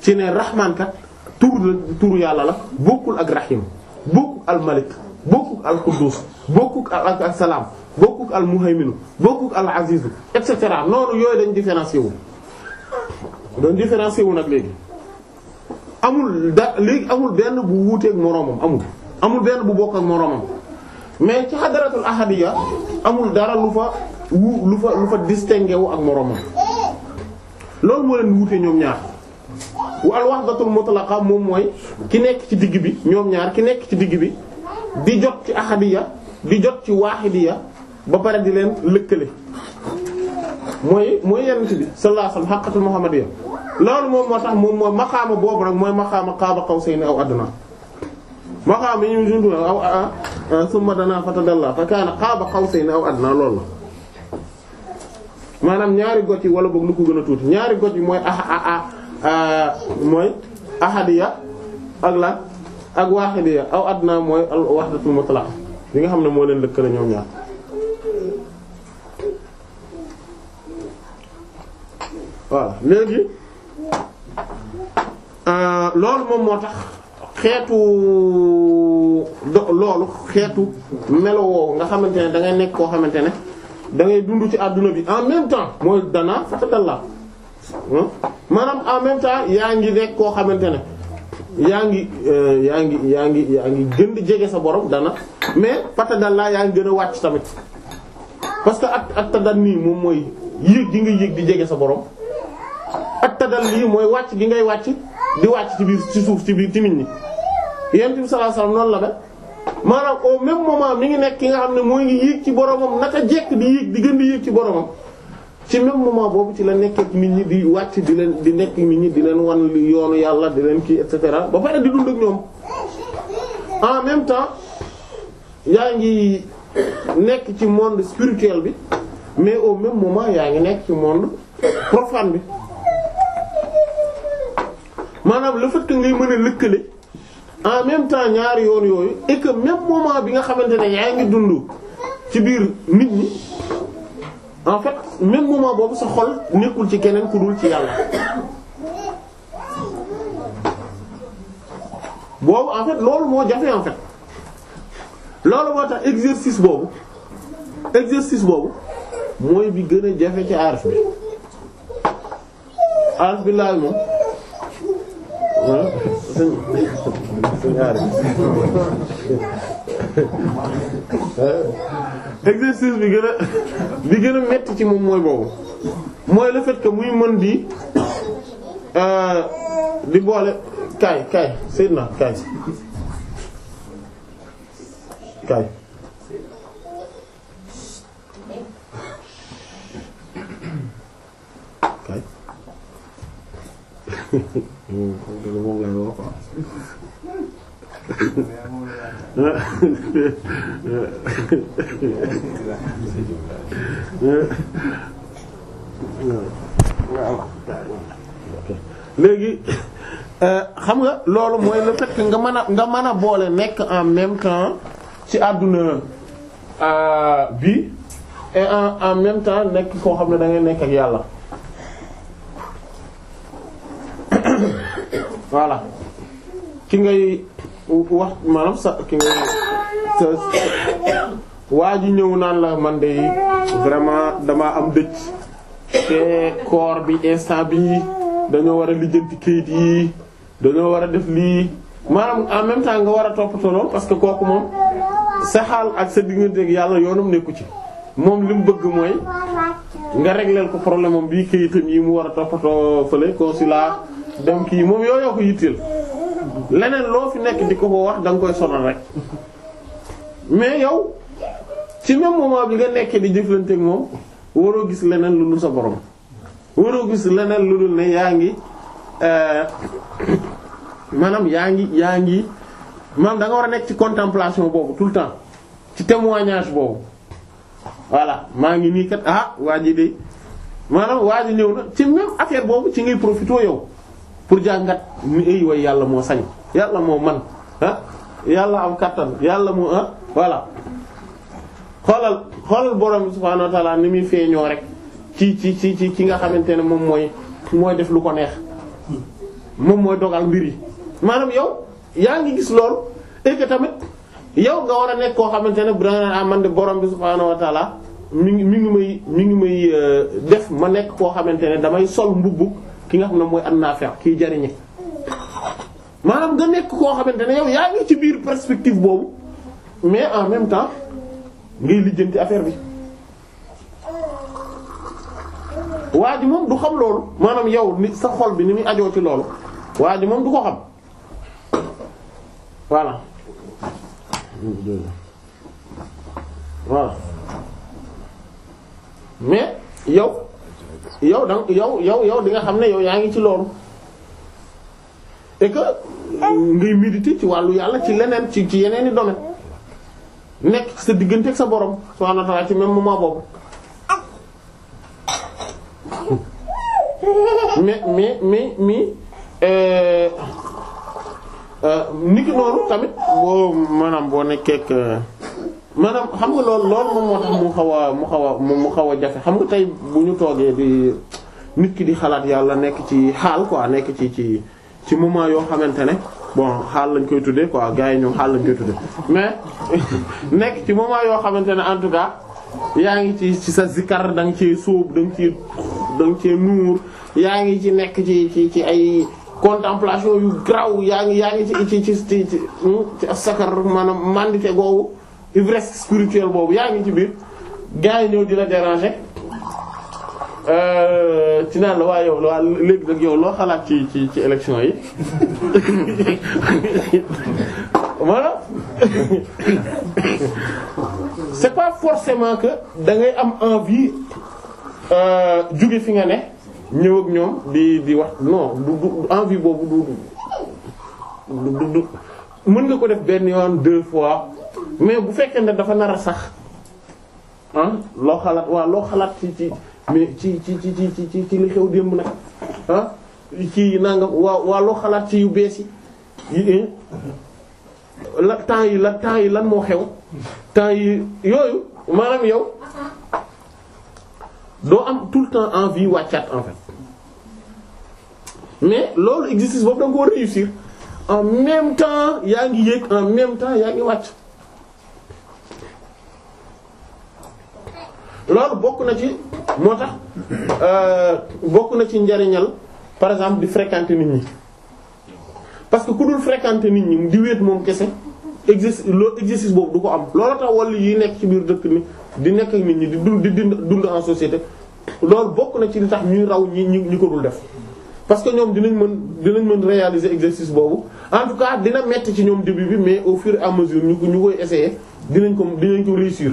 ci ne rahman kat tur la turu yàlla la bokkul ak rahim bokkul al malik bokkul al quddus bokkul al ak salaam bokkul al muhayminu bokkul al azizu et cetera noonu yooyu dañ différencier wu. dañ différencier wu nag léegi amul da léegi amul benn bu wuuteeg moroomam amul amul benn bu bokk ak moroomam mais ci xadaratul ahadiya amul dara lu fa wu lu fa lu fa distingué ak moroomam loolu moo leen wuute ñoom ñaar wa al wahdatul moom mooy ki nekk ci digg bi ñoom ñaar ki nekk ci digg bi di jot ci ahadiya di jot ci waahidiya ba pare di leen lëkkale mooy mooy yenent bi sallallahu alayhi wasallam loolu moom moo tax moom mooy maxaama boobu nag mooy maxaama qaaba qawsayni aw adnaa maxaama yi ñu jundu aw ah, ah, summa danaa fatadalla fa kaana qaaba qawsayni aw adnaa loolu la maanaam ñaari goj yi wala boog lu ko gën a tuuti ñaari goj yi mooy a ah, a ahadiya ak la ak waahidiya aw adnaa mooy al wahdatul mutlaq li nga xam ne moo leen lëkkale ñoom ñaar waaw léegi Euh, loolu moom moo tax xeetu do loolu xeetu melo nga xamante ne da ngay nekk koo xamante ne da ngay dund ci àdduna bi en même temps mooy dana fatadalla hmm? maanaam en même temps yaa ngi nekk koo xamante ne yaa ngi euh, yaa ngi yaa ngi yaa ngi gën di jege sa borom dana mais fatadalla yaa ngi gën a wàcc tamit parce que ak ak tadal nii moom mooy yéeg gi nga yéeg di jege sa borom ak tadal lii mooy wàcc gi ngay wàcc di wàcc ci biir ci suuf ci biir ci nit ñi yonent bi sallallahu alayhi wasallam noonu la mel maanaam au même moment mi ngi nekk ki nga xam ne mooy ngi yéeg ci boromam naka jekk di yéeg di gën di yéeg ci boromam ci même moment boobu ci la nekk ak nit ñi di wàcc di leen di nekk nit ñi di leen wan yoonu yàlla di leen kii et ba pare di dund ak ñoom en même temps yaa ngi nekk ci monde spirituel bi mais au même moment yaa ngi nekk ci monde profane bi. maanaam le fait que ngay mën a lëkkale en même temps ñaari yoon yooyu et que même moment bi nga xamante ne yaa ngi dund ci biir nit ñi en fait même moment boobu sa xol nekkul ci keneen ku dul ci yàlla boobu en fait loolu moo jafe en fait loolu moo tax exercice boobu exercice boobu mooy bi gën a jafe ci aarif bi aarif bi moom sëñ sëñ Arif bi gën a bi gën a metti ci moom mooy boobu mooy le fait que muy mën di euh, di boole kaay kaay Seydina kaay kaay moom lay wax quoi léegi euh, xam nga loolu mooy le fait nga mën a nga mën a boole nekk en même temps ci àdduna euh, bi et en en même temps nekk koo xam ne da ngay nekk ak yàlla voilà ki ngay wax maanaam sa ki ji ñëw naan la man de vraiment damaa am dëj te koor bi instant bi dañoo war a lijjanti kayit yi dañoo war a def lii maanaam en même temps nga war a toppatoo lool parce que kooku moom sa xaal ak sa digganteeg yàlla yoonum nekku ci moom li mu bëgg mooy nga régleel ko problème am bii kayitam yi mu war a toppatoo fële consulat dem kii moom yoo yoo ko yitteel leneen loo fi nekk di ko ko wax da nga koy sonal rek mais yow ci même moment bi nga nekkee di jëflanteeg moom waroo gis leneen lu dul sa borom waroo gis leneen lu dul ne yaa ngi euh, <coughs> maanaam yaa ngi yaa ngi maanaam da nga war a nekk ci contemplation boobu tout le temps ci témoignage boobu voilà maa ngi nii kat ah waa ji de maanaam waa ji ñëw na ci même affaire boobu ci ngay profité yow pour jàngat ni ay way yàlla moo sañ yàlla moo man ah yàlla am kàttan yàlla moo ah voilà xoolal xoolal borom subhaanahu wa ta'aala ni muy feeñoo rek ci ci ci ci ki nga xamante ne moom mooy mooy def lu ko neex moom mooy dogal mbir yi maanaam yow yaa ngi gis loolu et tamit yow nga war a nekk koo xamante ne bu daan a ah, man borom bi subhaanahu wa ta'aala mi ngi mi ngi may mi ngi may euh, def ma nekk koo xamante ne damay sol mbubb ki nga xam ne mooy an-nafi' kiy jariñe maanaam nga nekk koo xam ne yow yaa ngi ci biir perspective boobu mais en même temps ngay lijjanti affaire bi waa ji moom du xam loolu maanaam yow ni sa xol bi ni muy ajoo ci loolu waa ji moom du ko xam voilà voilà mais yow yow da yow yow yow di nga xam ne yow yaa ngi ci loolu et que eh. ngay méditer ci wàllu yàlla ci leneen ci ci yeneen i domaine nekk sa diggante ak sa borom subhaanahu wa ta'aala ci même moment boobu. mais mais mais mais euh, euh, niki tamit boo maanaam boo nekkee ak. Euh, maanaam xam nga loolu loolu moom moo tax mu xaw a mu xaw a mu xaw a jafe xam nga tey bu ñu toogee di nit ki di xalaat yàlla nekk ci xaal quoi nekk ci ci ci moment yoo xamante ne bon xaal lañ koy tuddee quoi gars yi ñoom xaal lañ koy tuddee mais nekk ci moment yoo xamante ne en yaa ngi ci ci sa zikar da nga cee sóob da nga cee da nga nuur yaa ngi ci nekk ci ci ci ay contemplation yu graw yaa ngi yaa ngi ci ci ci ci ci sakar maanaam mandite googu. ivresse spirituelle boobu yaa ngi ci biir gars yi ñëw di la déranger euh, ci naan la waa yow waa léegi nag yow loo xalaat ci ci ci élection yi <laughs> voilà <coughs> c'est pas forcément que da ngay am envie euh, jóge fi nga ne ñëw ñoom di di wax non du du envie boobu du du mën nga ko def benn yoon deux fois mais bu fekkee ne dafa nar a sax ah loo xalaat waaw loo xalaat ci ci ci ci ci ci ci ci xew démb nag ah ci nangam waaw waaw loo xalaat ci yu bees yi la temps yi la temps yi lan moo xew temps yi yooyu maanaam yow doo am tout le temps envie wàccaat en fait mais loolu exercice boobu da nga réussir en même temps yaa ngi yëg en même temps yaa ngi wàcc loolu bokk na ci moo tax euh, bokk na ci njariñal par exemple di fréquenter nit ñi parce que ku dul fréquenter nit ñi di wéet moom kese exercice loolu exercice boobu du ko am loolu tax wala yi nekk ci biir dëkk ni di nekk ak nit ñi di dund di dund en société loolu bokk na ci li tax ñuy raw ñi ñu ko dul def parce que ñoom dinañ mën dinañ mën réaliser exercice boobu en tout cas dina metti ci ñoom début bi mais au fur et à mesure ñu ñu koy essayer dinañ ko dinañ ko réussir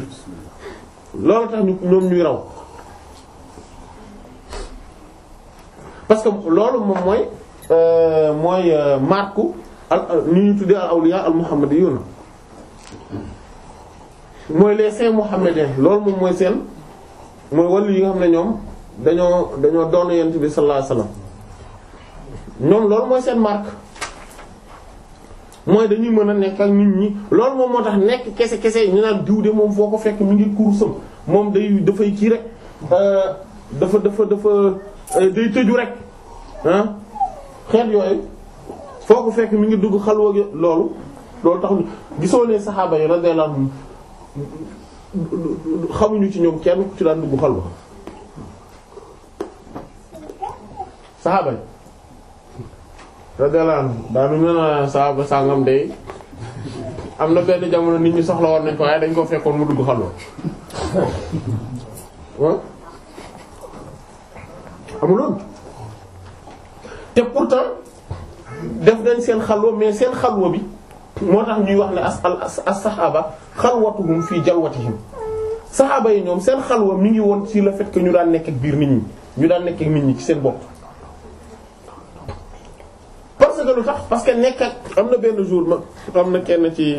loolu tax ñu ñoom ñuy raw parce que loolu moom mooy euh, mooy euh, marku al ni ñu tuddee al awliya al muhammadiyun mooy les saints muhammadins loolu moom mooy seen mooy wàllu yi nga xam ne ñoom dañoo dañoo doon yent bi sallallahu alayhi wasallam ñoom loolu mooy seen marque mooy dañuy mën a nekk ak nit ñi loolu moom moo tax nekk kese kese ñu naan diw de moom foo ko fekk mu ngi kursam moom day dafay kii rek euh, dafa dafa dafa euh, day tëju rek xeet yooyu foo ko fekk mu ngi dugg xalwa gi loolu loolu tax gisoo ne saxaaba yi radiyallahu anhum xamuñu ci ñoom kenn ku ci daan dugg xalwa saxaaba yi radiyallahu anhu daal mu ne saaba sàngam day am na benn jamono nit ñi soxla woon nañ ko waaye dañ koo fekkoon mu dugg xalwa amuloon te pourtant def dañ seen xalwa mais seen xalwa bi moo tax ñuy wax ne as al as saxaaba xalwatuhum fii jalwatihim saxaaba yi ñoom seen xalwa mi ngi woon ci le fait que ñu daan nekk ak biir nit ñi ñu daan nekk ak nit ñi ci seen bopp parce que tax parce que nekk am na benn jour ma am na kenn ci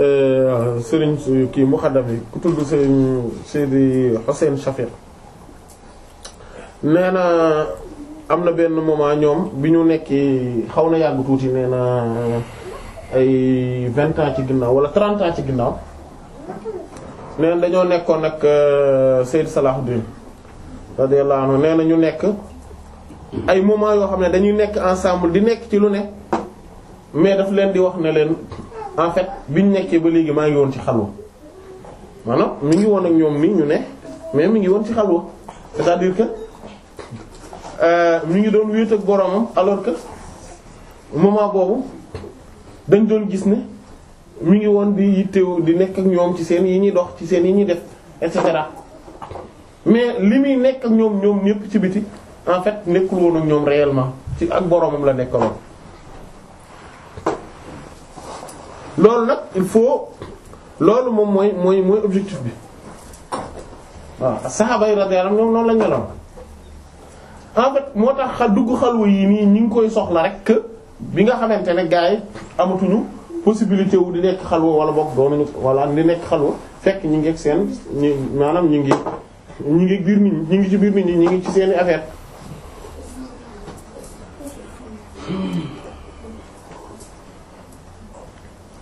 euh, sëriñ kii muxaddam yi ku tudd sëriñ Seydi Hussein Shafir nee na am na benn moment ñoom bi ñu nekki xaw na yàgg tuuti nee na ay vingt ans ci ginnaaw wala trente ans ci ginnaaw nee dañoo nekkoon nag euh, Seydi Salahuddin radiyallahu anhu nee na ñu nekk ay moment yoo xam ne dañuy nekk ensemble di nekk ci lu ne mais daf leen di wax ne leen en fait ñu nekkee ba léegi maa ngi woon ci xalwa maanaam mi ngi woon ak ñoom mi ñu ne mais mi ngi woon ci xalwa c'est-à-dire que euh, mi ngi doon wéet ak boromam alors que moment boobu dañ doon gis ne mi ngi woon di yittewu di nekk ak ñoom ci seen yi ñuy dox ci seen yi ñuy def et cetera mais li muy nekk ak ñoom ñoom ñépp ci biti en fait nekkul woon ak ñoom réellement ci ak boromam la nekkaloon. loolu nag il faut loolu moom mooy mooy mooy objectif bi waaw saxaaba yi radiyallahu anhum ñoom noonu la ñu en fait moo tax xa dugg xalwa yi nii ñu ngi koy soxla rek bi nga xamante ne gars yi amatuñu possibilité wu di nekk xalwa wala boog doonuñu wala di nekk xalwa fekk ñu ngi ak seen ñu maanaam ñu ngi ñu ngi biir nit ñi ñu ngi ci biir nit ñi ñu ngi ci seen i affaire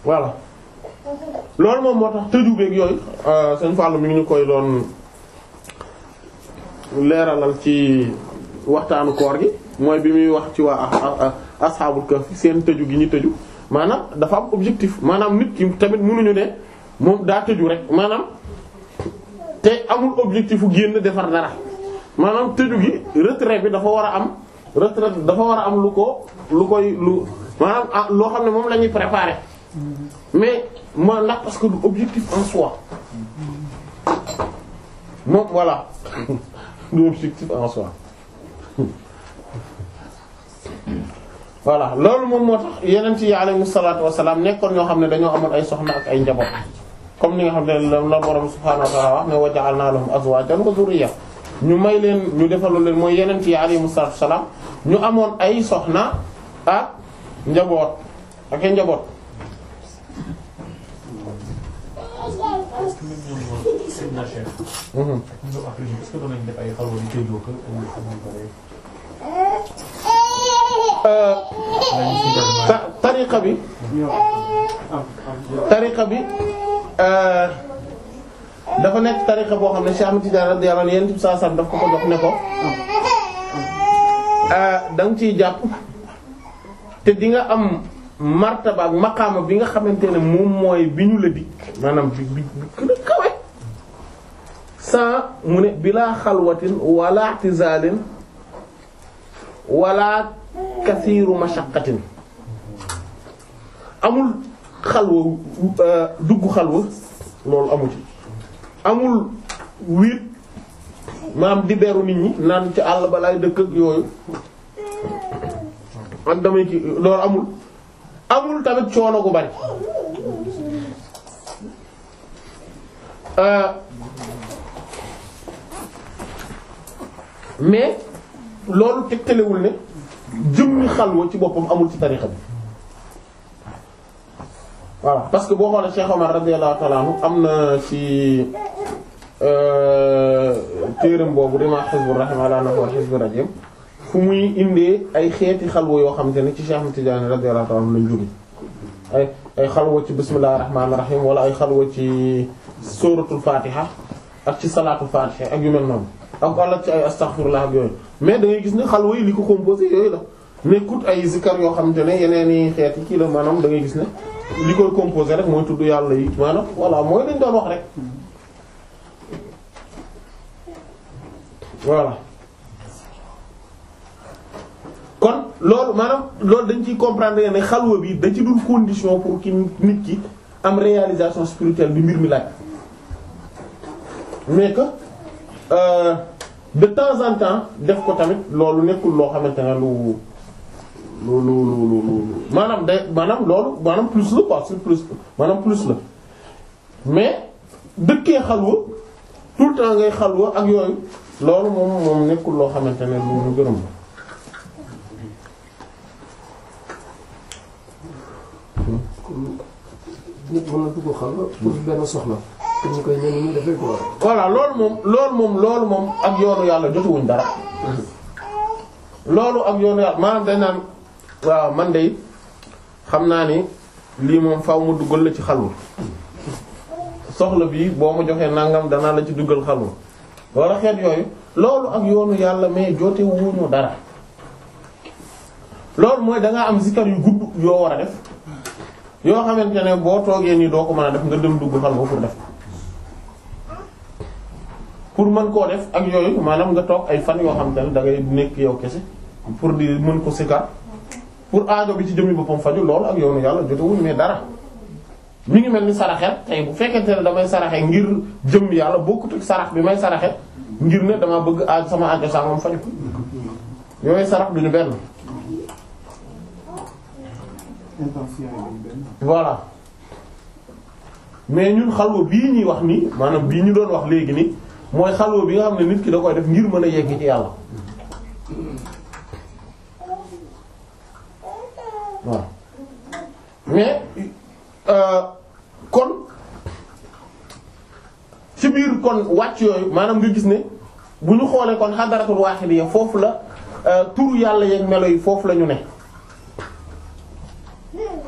voilà loolu moom moo tax tëju beeg yooyu euh, sëñ Fallou mi ñu koy doon leeralal ci waxtaanu koor gi mooy bi muy wax ci waa asxaabul kahf seen tëju gi ñu tëju maanaam dafa am objectif maanaam nit ki tamit mënuñu ne moom daa tëju rek maanaam te amul objectif bu génn defar dara maanaam tëju gi retrait bi dafa war a am retrait dafa war a am lu ko lu koy lu maanaam ah, loo xam ne moom la ñuy préparer mais moo ndax parce que du objectif en soi moom voilà du <laughs> objectif en soi loolu moom moo tax yenent yi alayhimu salaatu wassalaam nekkoon ñoo xam ne dañoo amoon ay soxna ak ay njaboot comme ni xam ne la borom subhaanahu wa ta'aala wax ne wa ja'alnaa lahum ñu may leen ñu defaloon leen mooy yeneen yenent yi mu salaatu salaam ñu amoon ay soxna ak njaboot ak ay njaboot est-ce que ñun na def ay xalwa di tëjoo ko ay tariqa bi tariqa bi euh, dafa nekk tariqa boo xam ne Cheikh Ahmed Tidiane radiyallahu anhu yenn saa saam daf ko ko jox ne ko euh, da ciy jàpp te di am martaba ak bi nga xamante ne moom mooy bi ñu la dikk maanaam bi bi bi gën a kawe sans mu ne bilaa xalwatin wala tizalin wala kasiiru mashaqatin amul xalwa euh, dugg xalwa loolu amu ci amul wiit maam di beru nit ñi naan ci àll balaay dëkk ak yooyu ak damay ki loolu amul amul tamit coono gu bari euh, mais loolu tegtalewul ne jëmmi xalwa ci boppam amul ci tarixa bi voilà parce que boo xoolee Cheikh Omar radiyallahu ta'ala anhu am na ci euh, téeram boobu dama Hizbur Rahim ala nahwa Hizbur Rajim fu muy indee ay xeeti xalwa yoo xamante ne ci Cheikh Ahmad Tidiane radiyallahu ta'ala anhu lañ jóge ay ay xalwa ci bismillahir rahmanir rahim wala ay xalwa ci suratul fatiha ak ci salaatul fatiha ak yu mel noonu ak wala ci ay astaghfirullah ak yooyu mais da ngay gis ne xalwa yi li ko composé yooyu la nekkut ay zikar yoo xamante ne yeneen i xeeti kii la maanaam da ngay gis ne li koy composé rek mooy tudd yàlla yi maanaam voilà mooy lañ doon wax rek voilà loolu maanaam loolu dañ ciy comprendre ne xalwa bi da ci dul condition pour ki nit ki am réalisation spirituelle bi mbir mi laaj mais que euh, de temps temps def ko tamit loolu nekkul loo xamante ne lu lu lu lu lu maanaam day maanaam loolu maanaam plus la quoi c'est plus maanaam plus la mais dëkkee xalwa tout le temps ngay xalwa ak yooyu loolu moom moom nekkul loo xamante ne lu ñu gërëm la nit mën soxla te ñu koy loolu moom loolu moom loolu moom ak yoonu yàlla jotuwuñ dara loolu ak yoonu yàlla maanaam dañ waaw man de xam naa ni lii moom faaw mu duggal la ci xalwa soxla bi boo ma nangam danaa la ci duggal xalwa wala xeet yooyu loolu ak yoonu yàlla mais jote wuñu dara loolu mooy dangaa am zikar yu gudd yoo war a def yoo xamante ne boo toogee nii doo ko mën a def nga dem dugg xam nga pour def pour mën koo def ak yooyu maanaam nga toog ay fan yoo xam ne da ngay nekk yow kese pour di mën ko sikar pour aajo bi ci jëmmi boppam faju loolu ak yoonu yàlla jotewul mais dara mi ngi mel ni saraxet tey bu fekkente ne damay saraxe ngir jëm yàlla bokkut ak sarax bi may saraxe ngir ne dama bëgg aaj sama aajo sangam faju yooyu sarax duñu benn intention voilà mais ñun xalwa bii ñuy wax nii maanaam bii ñu doon wax léegi nii mooy xalwa bi nga xam ne nit ki da koy def ngir mën a yegg ci yàlla waaw mais euh, kon ci biir kon wàcc yooyu maanaam nga gis ne bu ñu xoolee kon xadaratul waaxidiyya foofu la euh, turu yàlla yeeg melo yi foofu la ñu ne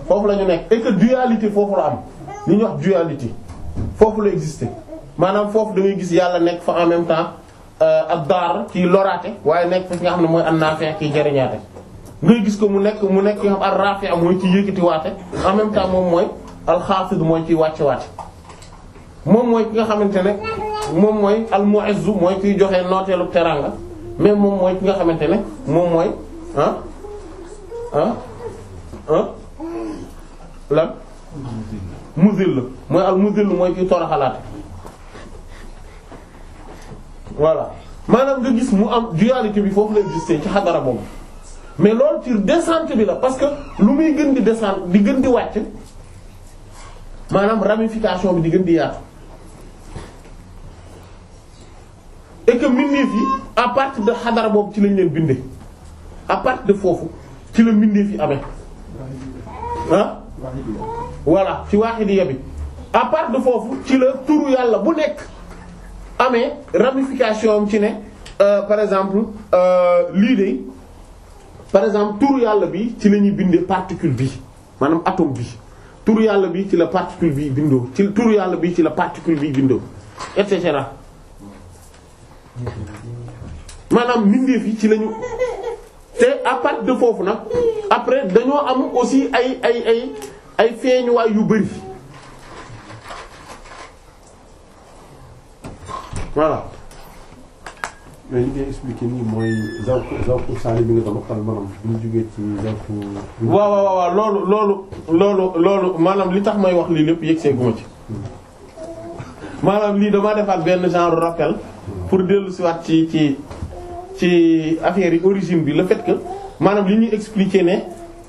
foofu la ñu nekk et que dualité foofu la am li ñuy wax dualité foofu la exister maanaam foofu da gis yàlla nekk fa en même temps euh, ak daar ci loraate waaye nekk fa nga xam ne mooy an naafi kii jariñaate ngay gis ko mu nekk mu nekk yoo xam ar rafi mooy ci yëkkatiwaate moom mooy alxaafid mooy ci wàcce waate moom mooy ki nga xamante ne moom mooy al mu'izzu mooy kiy joxee nooteelu teranga mais moom mooy ki nga xamante ne moom mooy ah ah lan muzill mooy al muzill mooy ki xalaat voilà maanaam nga gis mu am dualité bi foofu la existé ci xadara boobu mais loolu ci descente bi la parce que lu muy gën di descente di gën di wàcc maanaam ramification bi di gën di yaatu et que mbindeef yi à partir de xadara boobu ci lañ leen bindee à partir de foofu ci la mbindeef yi amee voilà ci waaxidiya bi à part de foofu ci la turu yàlla bu nekk amee ramification am ci ne euh, par exemple euh, lii de par exemple tour yàlla bi ci la ñuy bindee particule bi maanaam atome bi bi ci la particule bi bindoo ci tour yàlla bi ci la particule bi bindoo et cetera maanaam mbindeef yi ci lañu te à part de foofu nag après dañoo am aussi ay ay ay ay feeñuwaay yu bari voilà mais li ngay expliqué nii ñu jógee ci zawku. waaw waaw waaw loolu loolu loolu loolu maanaam li tax may wax lii lépp yëg see guma ci maanaam lii damaa defaat benn genre rappel pour dellu si ci ci ci affaire yi origine bi la fait que maanaam li ñuy expliqué ne.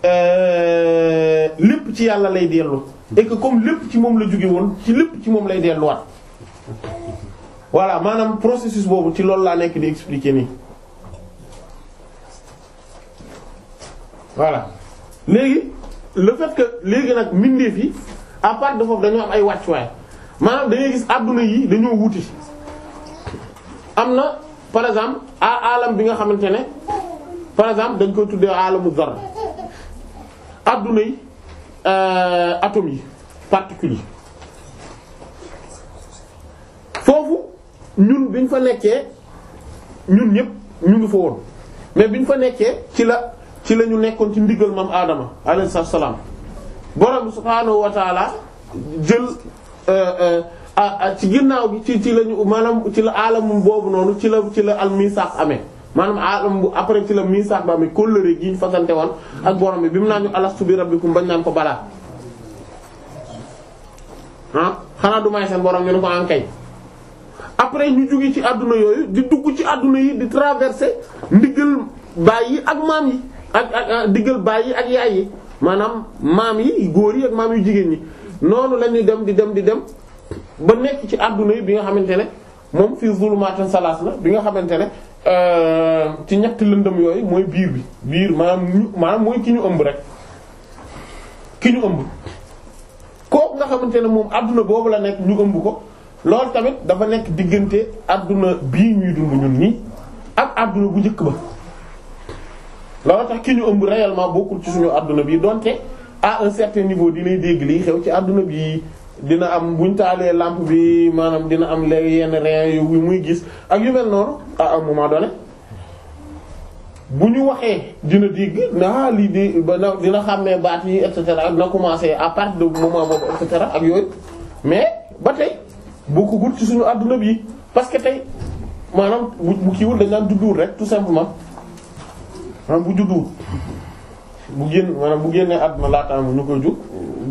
Euh, lépp ci yàlla lay dellu et que comme lépp ci moom la jóge woon ci lépp ci moom lay delluwaat voilà maanaam processus boobu ci loolu laa nekk di expliquer nii voilà léegi le fait que léegi nag mbindeef yi à de foofu dañoo am ay wàccuwaay maanaam da gis adduna yi dañoo wuti am na par exemple a bi nga xamante ne par exemple dañ koy tuddee alamu zar adduna yi euh, atomes yi foofu ñun biñ fa nekkee ñun ñëpp ñu ngi fa woon mais biñ fa nekkee ci la ci lañu nekkoon ci ndigal maam Adama alayhi salaam borom subhaanahu wa taala jël euh, euh, ci ginnaaw bi ci ci la ñu maanaam ci la alamum boobu noonu ci la ci la almisaaq amee. maanaam aalam bu après ci la miisaax ba mi kóllëre gi ñu fasante woon ak borom bi bi mu naa ñu alastu bi rabbikum bañ naan ko balaa ah xanaa du may seen borom ñu ne ko am kay après ñu jóge ci àdduna yooyu di dugg ci àdduna yi di traverser ndiggal baay yi ak maam yi ak ak diggal baay yi ak yaay yi maanaam maam yi góor yi ak maam yu jigéen ñi noonu la dem di dem di dem ba nekk ci àdduna yi bi nga xamante ne moom fii zulumaatin salaas la bi nga xamante ne Euh, ci ñetti lëndëm yooyu mooy biir bi biir maanaam ñu maanaam mooy ki ñu ëmb rek ki ñu ëmb kooku nga xamante ne moom adduna boobu la nekk ñu ëmb ko loolu tamit dafa nekk diggante adduna bii ñuy dund ñun nii ak adduna bu njëkk ba loolu tax ki ñu ëmb réellement bokkul ci suñu adduna bii donte à un certain niveau di lay dégg lii xew ci adduna bii dina am buñ taalee làmp bi maanaam dina am léegi yenn rayon yu muy gis ak yu mel noonu à un moment donné bu ñu waxee dina dégg naa ah lii di ba na dina xàmmee baat yi et cetera dina commencer à partir de moment boobu et cetera ak yooyu mais ba tey bokkugul ci suñu adduna bi parce que tey maanaam bu bu kiiwul dañ naan judduwul rek tout simplement maanaam bu judduwul bu génn maanaam bu génnee adduna laataam ñu koy jóg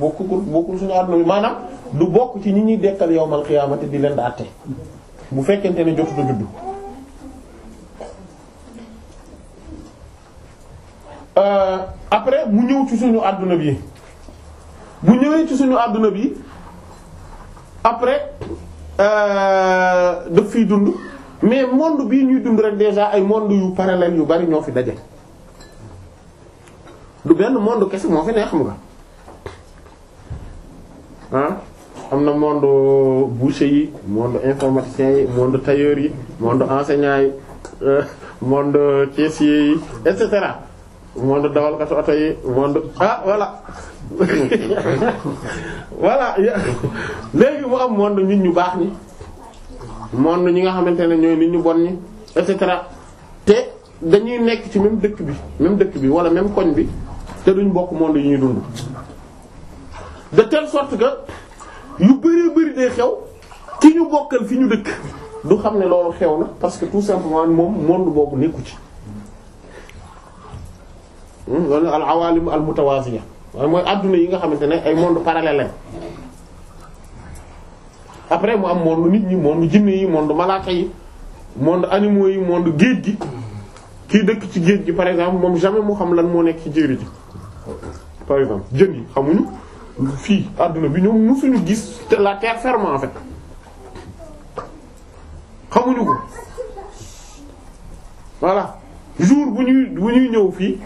bokkugul bokkul suñu adduna bi maanaam. du bokk ci ñi ñuy dekkal yowmal xiyaamati di leen di àtte bu fekkente ne jotuta juddu euh, après mu ñëw ci suñu àdduna bi bu ñëwee ci suñu àdduna bi après euh, daf fiy dund mais monde bii ñuy dund rek déjà ay monde yu parallèle yu bari ñoo fi daje du benn monde kese moo fi xam nga am na monde boucher yi monde informaticien yi monde tailleur yi monde enseignant yi euh, monde caissier yi et cetera monde dawalkatu oto yi monde ah <laughs> voilà léegi mu am monde nit ñu baax ñi monde ñi nga xamante ne ñooy nit ñu bon ñi et cetera te dañuy nekk ci même dëkk bi même dëkk bi wala même koñ bi te duñ bokk monde yi ñuy dund de telle sorte yu bëree bëri day xew ki ñu bokkal fi ñu dëkk du xam ne loolu xew na parce que tout simplement moom monde boobu nekku ci hmm, loolu al awalim al mutawaziya waaye mooy adduna yi nga xamante ne ay monde parallèle lañ après mu am monde nit ñi monde jinne yi monde malaaka yi monde animaux yi monde géej gi kii dëkk ci géej gi par exemple moom jamais mu xam lan moo nekk ci jéeri ji par exemple jën yi xamuñu fii àdduna bi ñoom mësuñu gis te la terre ferme en fait xamuñu ko voilà jour bu ñuy bu ñuy ñëw fii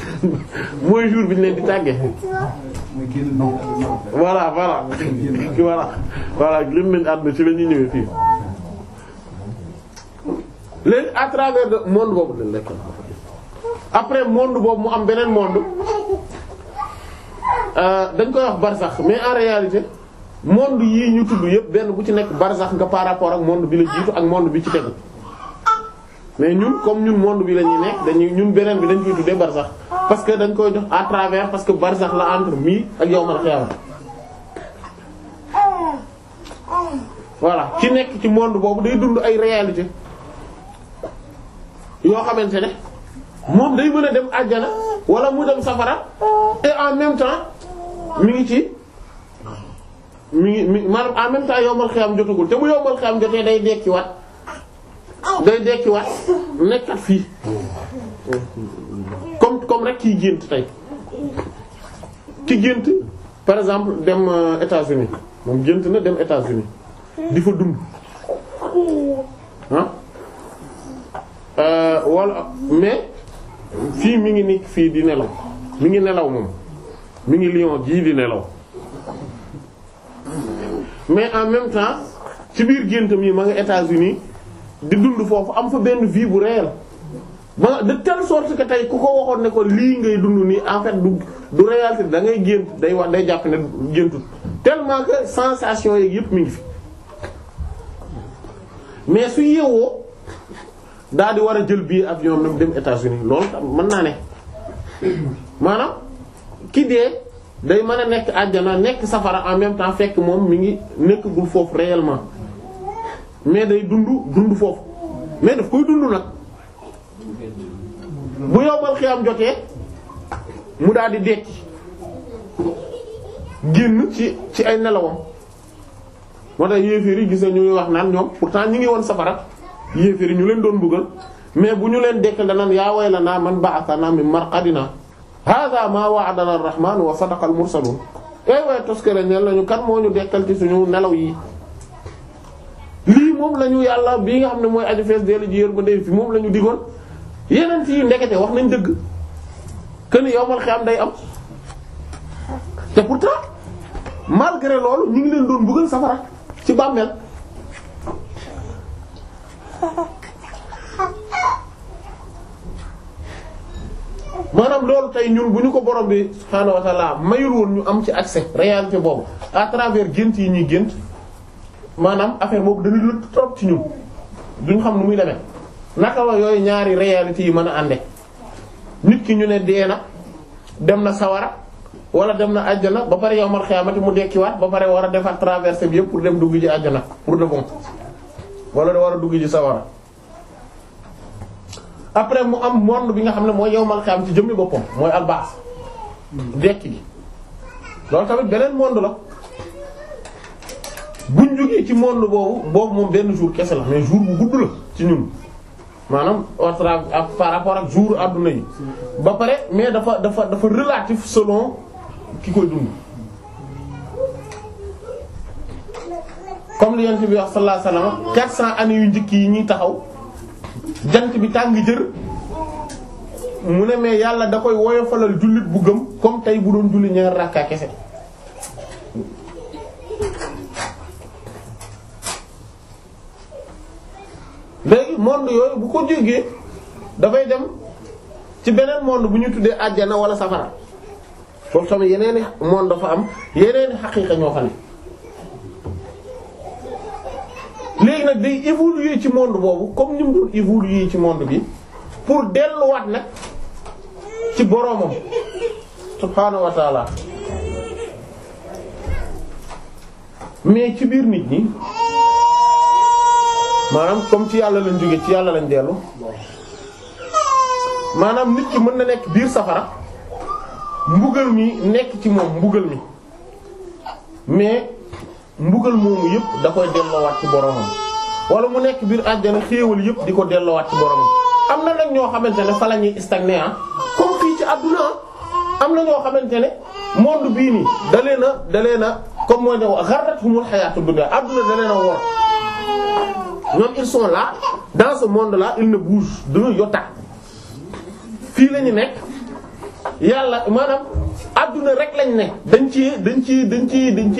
<laughs> mooy jour bi ñu leen di tàggee voilà voilà <laughs> voilà voilà gën nañ àdduna ci la ñuy ñëwee fii léegi à travers le monde boobu lañ nekkoon après monde boobu mu am beneen monde Euh, dañ koy wax barzax mais en réalité monde yii ñu tudd yëpp benn bu ci nekk barzax nga par rapport ak monde bi la jiitu ak monde bi ci tegu mais ñun comme ñun monde bi la ñuy nekk dañuy ñun beneen bi dañ koy tuddee barzax parce que dañ koy jox à travers parce que barzax la entre mi ak yow man xew voilà ci nekk ci monde boobu day dund ay réalité yoo xamante ne. moom day mën a dem àjjana wala mu dem safara et en même temps mi ngi ci mu ngi mi maanaam en même temps yombal xiyam jotagul te bu yombal xiyam jotee day dekkiwaat day dekkiwaat nekkat fii comme comme rek kiy gént tey ki gént par exemple dem euh, États-Unis moom gént na dem États-Unis di fa dund ah euh, mais. fii mi ngi ni fii di nelaw mi ngi nelaw moom mu ngi lion jii di nelaw mais en même temps ci biir géntam yi ma nga États-Unis di dund foofu am fa benn vie bu réel ba de telle sorte que tey ku ko waxoon ne ko lii ngay dund nii en fait du du réalité da ngay gént day wax day jàpp ne géntut tellement que sensation yeeg yëpp mi ngi fi mais su yeewoo daal di war a jël bii avion nam dem États-Unis lool mën naa ne maanaam ki dee day mën a nekk àjjana nekk safara en même temps fekk moom mu ngi nekkagul foofu réellement mais day dund dund foofu mais daf koy dund nag bu yowbal xiyam jotee mu daal di dekki génn ci ci ay nelawam moo tax yéeféer yi ñuy wax naan ñoom pourtant ñu ngi woon safara yéeféri ñu leen doon mbugal mais bu ñu leen dekk danaan yaa naa man ba'athana min marqadina hadha ma wa'adana ar-rahman wa sadaqa al-mursalun ay eh waaye toskere ñeel nañu kan moo ñu dekkal ci suñu nelaw yi lii moom lañu yàlla bii nga xam ne mooy aju fees deelu ji yër ba ndey fi moom la ñu digoon yeneen fii ndekete wax nañ dëgg kën yowmal xiyam day am te pourtant malgré loolu ñu ngi leen doon bëggal safara ci bàmmeel maanaam loolu tey ñun bu ñu ko borom bi subhaanahu wa mayul woon ñu am ci accès réalité boobu à travers gént yi ñuy gént maanaam affaire boobu dañuy lëtt trop ci ñun duñ xam nu muy demee naka la yooyu ñaari réalités yi mën a ànde nit ki ñu ne dee na dem na sawara wala dem na àjjana ba pare yow mal xiyaamati mu dekkiwaat ba pare war a defar traversée bi yëpp pour dem dugg ji àjjana pour de bon wala da war a dugg ci sawara après mu am monde bi nga xam ne mooy yowmal am ci jëmmi boppam mooy albaas dekk gi loolu tamit beneen monde la buñ jógee ci monde boobu boobu moom benn jour kese la mais jour bu gudd la ci ñun maanaam par rapport ak jour àdduna yi ba pare mais dafa dafa dafa relatif selon ki koy dund comme li yonent bi wax sallallahu alayhi wasallam 400 yu njëkk yi ñuy taxaw jant bi tàng jër mu ne mais yàlla da koy woyofalal jullit bu gëm comme tey bu doon julli ñaar rakka kese. léegi monde yooyu bu ko jógee dafay dem ci beneen monde bu ñu tuddee àjjana wala safara foofu tamit yeneen monde dafa am yeneen i xaqiiqa ñoo fa ne léegi nag day évoluer ci monde boobu comme ni mu doon ci monde bi pour delluwaat nag ci boroomam subhaanahu wa mais ci biir nit ñi maanaam comme ci yàlla lañ jóge ci yàlla lañ dellu maanaam nit ki mën na nekk biir safara mbugal mi nekk ci moom mbugal mi mais mbugal moomu yëpp da koy delloowaat ci boromam wala mu nekk biir àjjana xéewal yëpp di ko delloowaat ci boromam. am na nag ñoo xamante ne fa lañuy ñuy stagné ah ci àdduna ah. am na ñoo xamante ne monde bii nii dalee na dalee na comme moo ñu wax gharrathumul hayatud dunya àdduna dalee na wor ñoom ils fii la ñu nekk yàlla maanaam àdduna rek lañ ne dañ ci dañ ci dañ ci dañ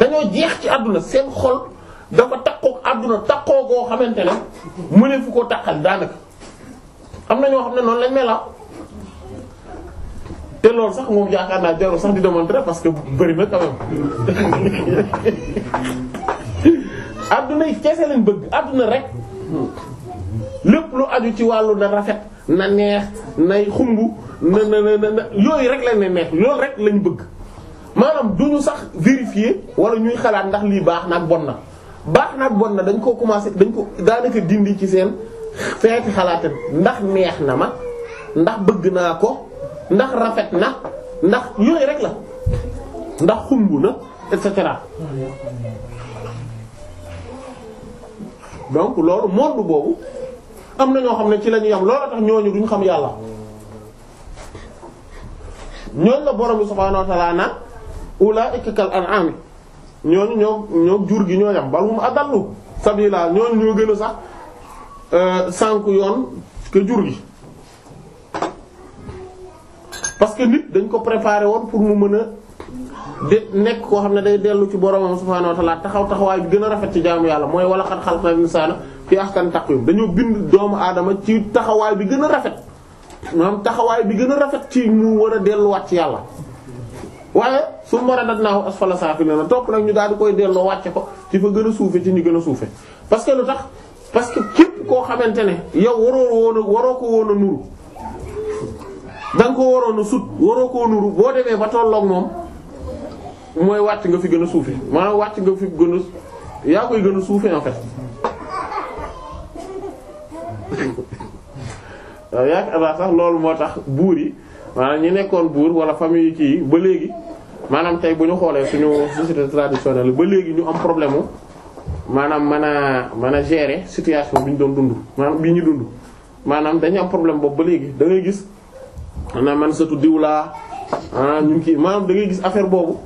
dañoo jeex ci àdduna seen xol dafa takkoog àdduna takkoo goo xamante ne mu ne fu ko takkal daanaka am na ñoo xam ne noonu lañ melaa ah. te loolu sax moom yaakaar naa jarul sax di démontrer parce que bëri na quand même <laughs> àdduna yi kese lañ bëgg àdduna rek lépp lu aju ci wàllu na rafet na neex nay xumb na na na yooyu rek lañ ne neex loolu rek lañ bëgg. maanaam du ñu sax vérifier wala ñuy xalaat ndax lii baax na ak bon na baax na ak bon na dañ koo commencé dañ ko daanaka dindi ci seen feeti xalaat ndax neex na ma ndax bëgg naa ko ndax rafet na ndax yooyu rek la ndax xumb na et cetera donc loolu monde boobu am na ñoo xam ne ci la ñuy am loolu tax ñooñu duñ xam yàlla ñooñu la borom bi subhaanahu ulaa'ika kal an'aami ñooñu ñoo ñoo jur gi ñoo yam bal hum adallu sabila ñooñu ñoo gën a sax euh, sànk yoon ke jur gi parce que nit dañ ko préparer woon pour mu mën a de nekk koo xam ne day dellu ci boromam subhaanahu wa ta'aala taxaw taxawaay bi gën a rafet ci jaamu yàlla mooy wala xat xalaqnal insaana fii ahkani taqwiim dañoo bind doomu aadama ci taxawaay bi gën a rafet maanaam taxawaay bi gën a rafet ci mu war a delluwaat ci yàlla waaye summa radadnaahu asfala saafiliina topp nag ñu daal di koy delloo wàcce ko ci fa gën a suufe ci ñu gën a suufe parce que lu tax parce que képp koo xamante ne yow waroo woon a waroo ko woon a nuru da nga ko waroon a sut waroo koo nuru boo demee ba tolloog moom mooy wàcc nga fi gën a suufe maa wàcc nga fi gën a gën a suufe en fait <laughs> waaw yaak sax loolu moo tax buur yi maanaam ñi nekkoon buur wala famille kii ba léegi maanaam tey bu ñu xoolee suñu société traditionnelle ba léegi ñu am problème maanaam man a mën situation bi ñu doon dund maanaam bi ñu dund maanaam dañu am problème boobu ba léegi da ngay gis maanaam man satu diwlaa ah ñu kii maanaam da ngay gis affaire boobu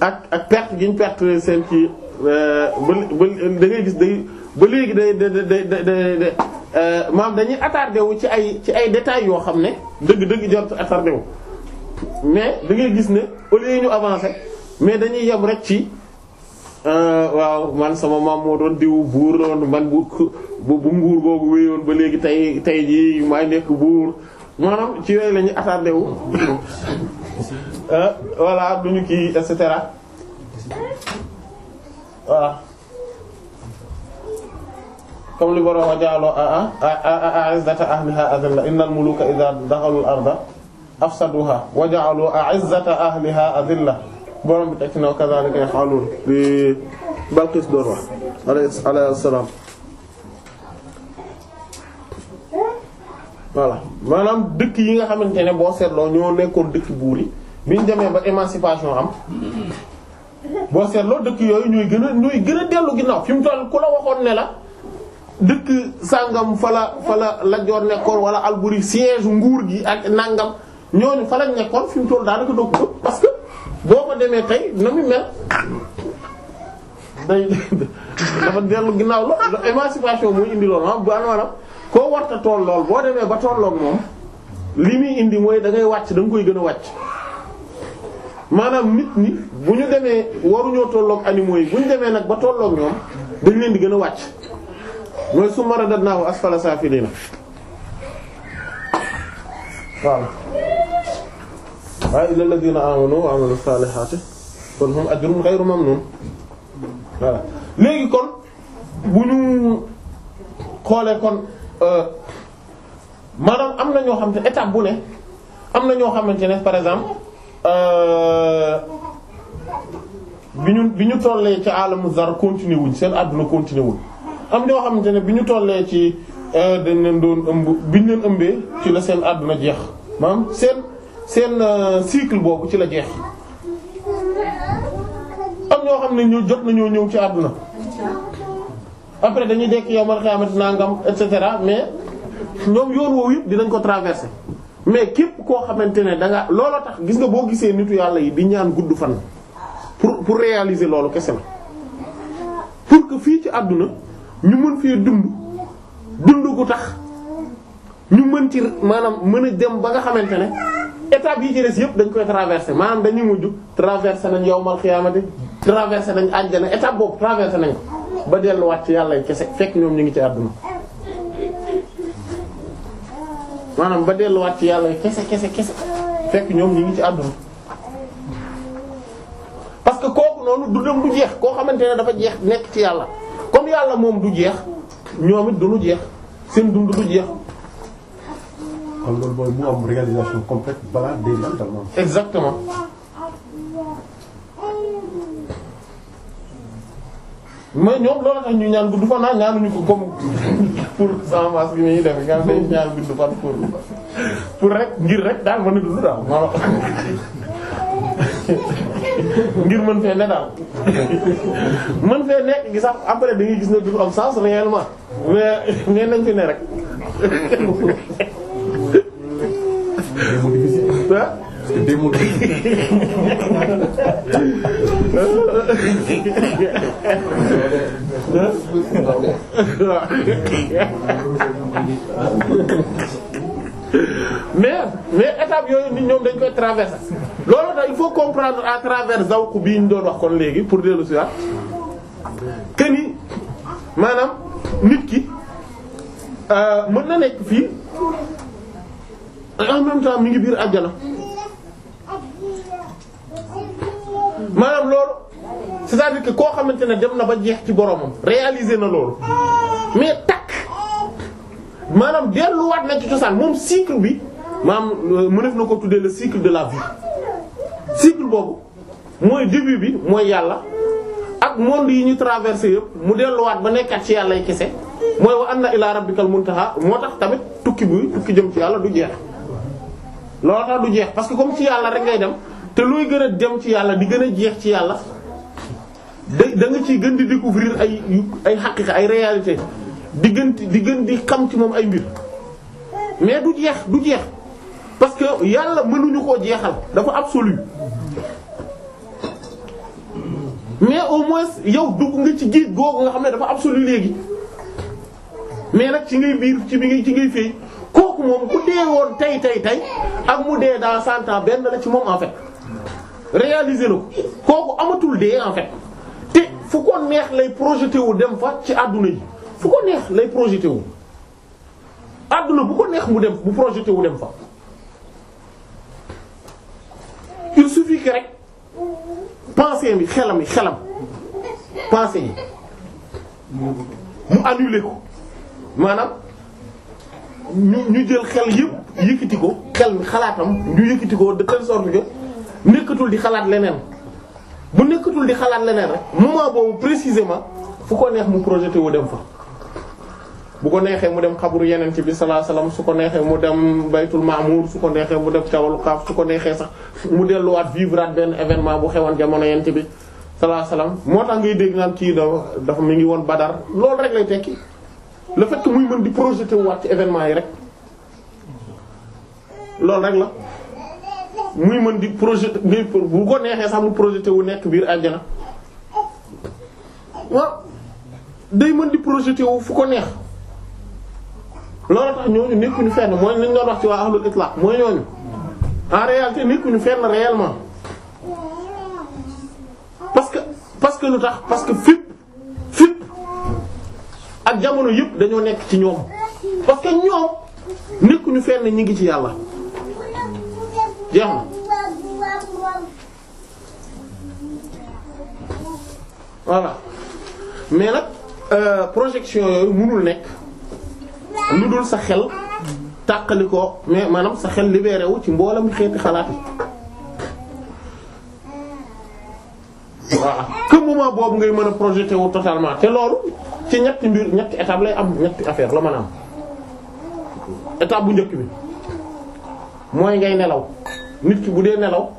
ak ak perte gi ñu perte seen kii euh, ba ba da ngay gis day ba léegi day day day day euh, maam dañuy attardé wu ci ay ci ay détails yoo xam ne dëgg-dëgg jot attardé wu mais da ngay gis ne au lieu ñu avancer mais dañuy yem rek ci euh, waaw man sama maam moo doon diw buur doon man bu bu nguur googu wéyoon ba léegi tey tey jii may nekk buur maanaam ci yooyu la ñuy attardé wu <laughs> euh, voilà duñu kii et cetera voilà. comme li borom a jaaloo a a'izzata ahliha azilla innal muluka idha dakhalul arda afsaduha wa ja'alu a'izzata ahliha azilla borom bi teg ci ne kadhalika yaf'alun li Balqis door wax alayhi salaam voilà maanaam dëkk yi nga xamante ne boo seetloo ñoo nekkoon dëkk buur yi biñ demee ba émancipation am boo seetloo dëkk yooyu ñuy gën a ñuy gën a dellu ginnaaw fi mu toll ku la waxoon ne la dëkk sàngam fa la fa la Lat-Joor nekkoon wala Albury siège nguur gi ak nangam ñooñu fa lañ nekkoon fi mu toll daanaka doog ko parce que boo ko demee tey na mu mel <laughs> dafa dellu ginnaaw la émancipation mooy indi lool ah bu maanaam koo warta tool lool boo demee ba tolloog moom li muy indi mooy da ngay wàcc da koy gën a wàcc. maanaam nit ñi bu ñu demee waruñoo tolloog animaux yi bu ñu demee nag ba tollook ñoom dañ leen di gën a wàcc. mooy summa radadnaahu asfala saafiliina waaw waaye illal ladina amanu wa amilu saalihaati kon hum ajrun ghayru mamnun voilà léegi kon bu ñu xoolee kon euh, maanaam am na ñoo xam te étape bu ne am na ñoo xamante ne par exemple euh, bi ñu bi ñu tollee ci alamu zar continuer wuñ seen àdduna continuer wuñ am ñoo xamante ne bi ñu tollee ci euh, dañ leen doon ëmb bi ñu leen ëmbee ci la seen àdduna jeex maanaam seen seen euh, cycle boobu ci la jeex am ñoo xam ne ñu jot nañoo ñëw ci àdduna après dañuy dekk yow man xamante nangam et cetera mais ñoom yoon dinañ ko traverser mais képp koo xamante ne da nga looloo tax gis nga boo gisee nitu yàlla yi di ñaan gudd fan pour pour réaliser loolu kese la pour que fii ci àdduna. ñu mën fii dund dund gu tax ñu mën ci maanaam mën a dem ba nga xamante ne étape yi ci des yëpp dañ koy traversé maanaam dañuy mujj traversé nañ yawmal xiyaamati traversé nañ àjjana étape boobu traversé nañ ko ba delluwaat ci yàlla kese fekk ñoom ñu ngi ci ba delluwaat ci yàlla kese kese kese fekk ñoom ñu ngi ci àdduna parce que kooku noonu dundam du jeex koo xamante ne dafa jeex nekk ci yàlla comme yàlla moom du jeex ñoom it du lu jeex seen dund du jeex. kon loolu mooy mu am réalisation complète balaa day mentalement. exactement. mais ñoom loolu tax ñu ñaan gudd fan ah ñaanuñu ko comme pour sans masse bi ñuy def nga day ñaan gudd fan pour pour rek ngir rek daal mën a dund daal ngir mën fee ne daal mën fee nekk gi sax après da ngay gis ne du am sens réellement <laughs> <laughs> mais mais étape yooyu nit ñoom dañ koy traverser loolu tax il faut comprendre à travers zawq bii ñu doon wax kon léegi pour dellu si waat que ni maanaam nit ki euh, mën na nekk fii en même temps mi ngi biir àjjana maanaam loolu c'est-à-dire que koo xamante ne dem na ba jeex ci boromam réaliser na loolu mais takk. maanaam delluwaat na ci cosaan moom cycle bi maanaam euh, mu def na ko tuddee le cycle de la vie cycle boobu mooy début bi mooy yàlla ak monde yi ñu traversé yëpp mu delluwaat ba nekkaat ci yàlla ay kese mooy wa anna ila rabbikal muntaha moo tax tamit tukki bu tukki jëm ci yàlla du jeex loolu tax du jeex parce que comme ci yàlla rek ngay dem te looy gën a dem ci yàlla di gën a jeex ci yàlla da da ci gën di découvrir ay ay xaqiqa ay réalité di gën di xam ci moom ay mbir mais du jeex du jeex parce que yàlla mënuñu koo jeexal dafa absolu mais au moins yow dugg nga ci géej googu nga xam ne dafa absolu léegi mais nag ci ngay biir ci bi ngay ci ngay fay kooku moom ku dee woon tey tey tey ak mu dee dans cent benn la ci moom en fait réaliser na ko kooku amatul dee en fait te fu ko meex lay projeté wu dem fa ci àdduna yi. fu ko neex lay projeté wu àdduna bu ko neex mu dem bu projeté wu dem fa il suffit que rek pensée bi xelam yi xelam pensée yi mu annulé ko maanaam ñu ñu jël xel yépp yëkkati ko xel mi xalaatam ñu yëkkati ko de telle sorte que nekkatul di xalaat leneen bu nekkatul di xalaat leneen rek moment boobu précisément fu ko neex mu projeté dem fa bu ko neexee mu dem xabru yenente bi sallallahu alayhi wasallam su ko neexee mu dem baytul maamur su ko neexee mu dem cawal xaaf su ko neexee sax mu delluwaat vivre at benn événement bu xewoon jamono yenente bi sallallahu alayhi wasallam moo tax ngay dégg naan kii dafa dafa mi ngi woon badar loolu rek lay tekki la fait que muy mën di projeté waat ci événement yi rek loolu rek la muy mën di projeté bu ko neexee sax mu projeté wu nekk biir àjjana waaw day mën di projeté wu fu ko neex loolu tax ñooñu nekkuñu fenn mooy li ñu wax ci waa ahlul itlaq mooy ñooñu en réalité nekkuñu fenn réellement parce que parce que lu tax parce que fépp fépp ak jamono yëpp dañoo nekk ci ñoom parce que ñoom nekkuñu fenn ñi ngi ci yàlla jeex na voilà mais nag euh, projection yooyu mënul nekk. lu dul sa xel tàqali ko mais maanaam sa xel libéré wu ci mboolem xeeti xalaat yi waa que boobu ngay mën a projeté wu totalement te loolu ci ñetti mbir ñetti étape lay am ñetti affaire la mën a am étape bu njëkk bi mooy ngay nelaw nit ki bu dee nelaw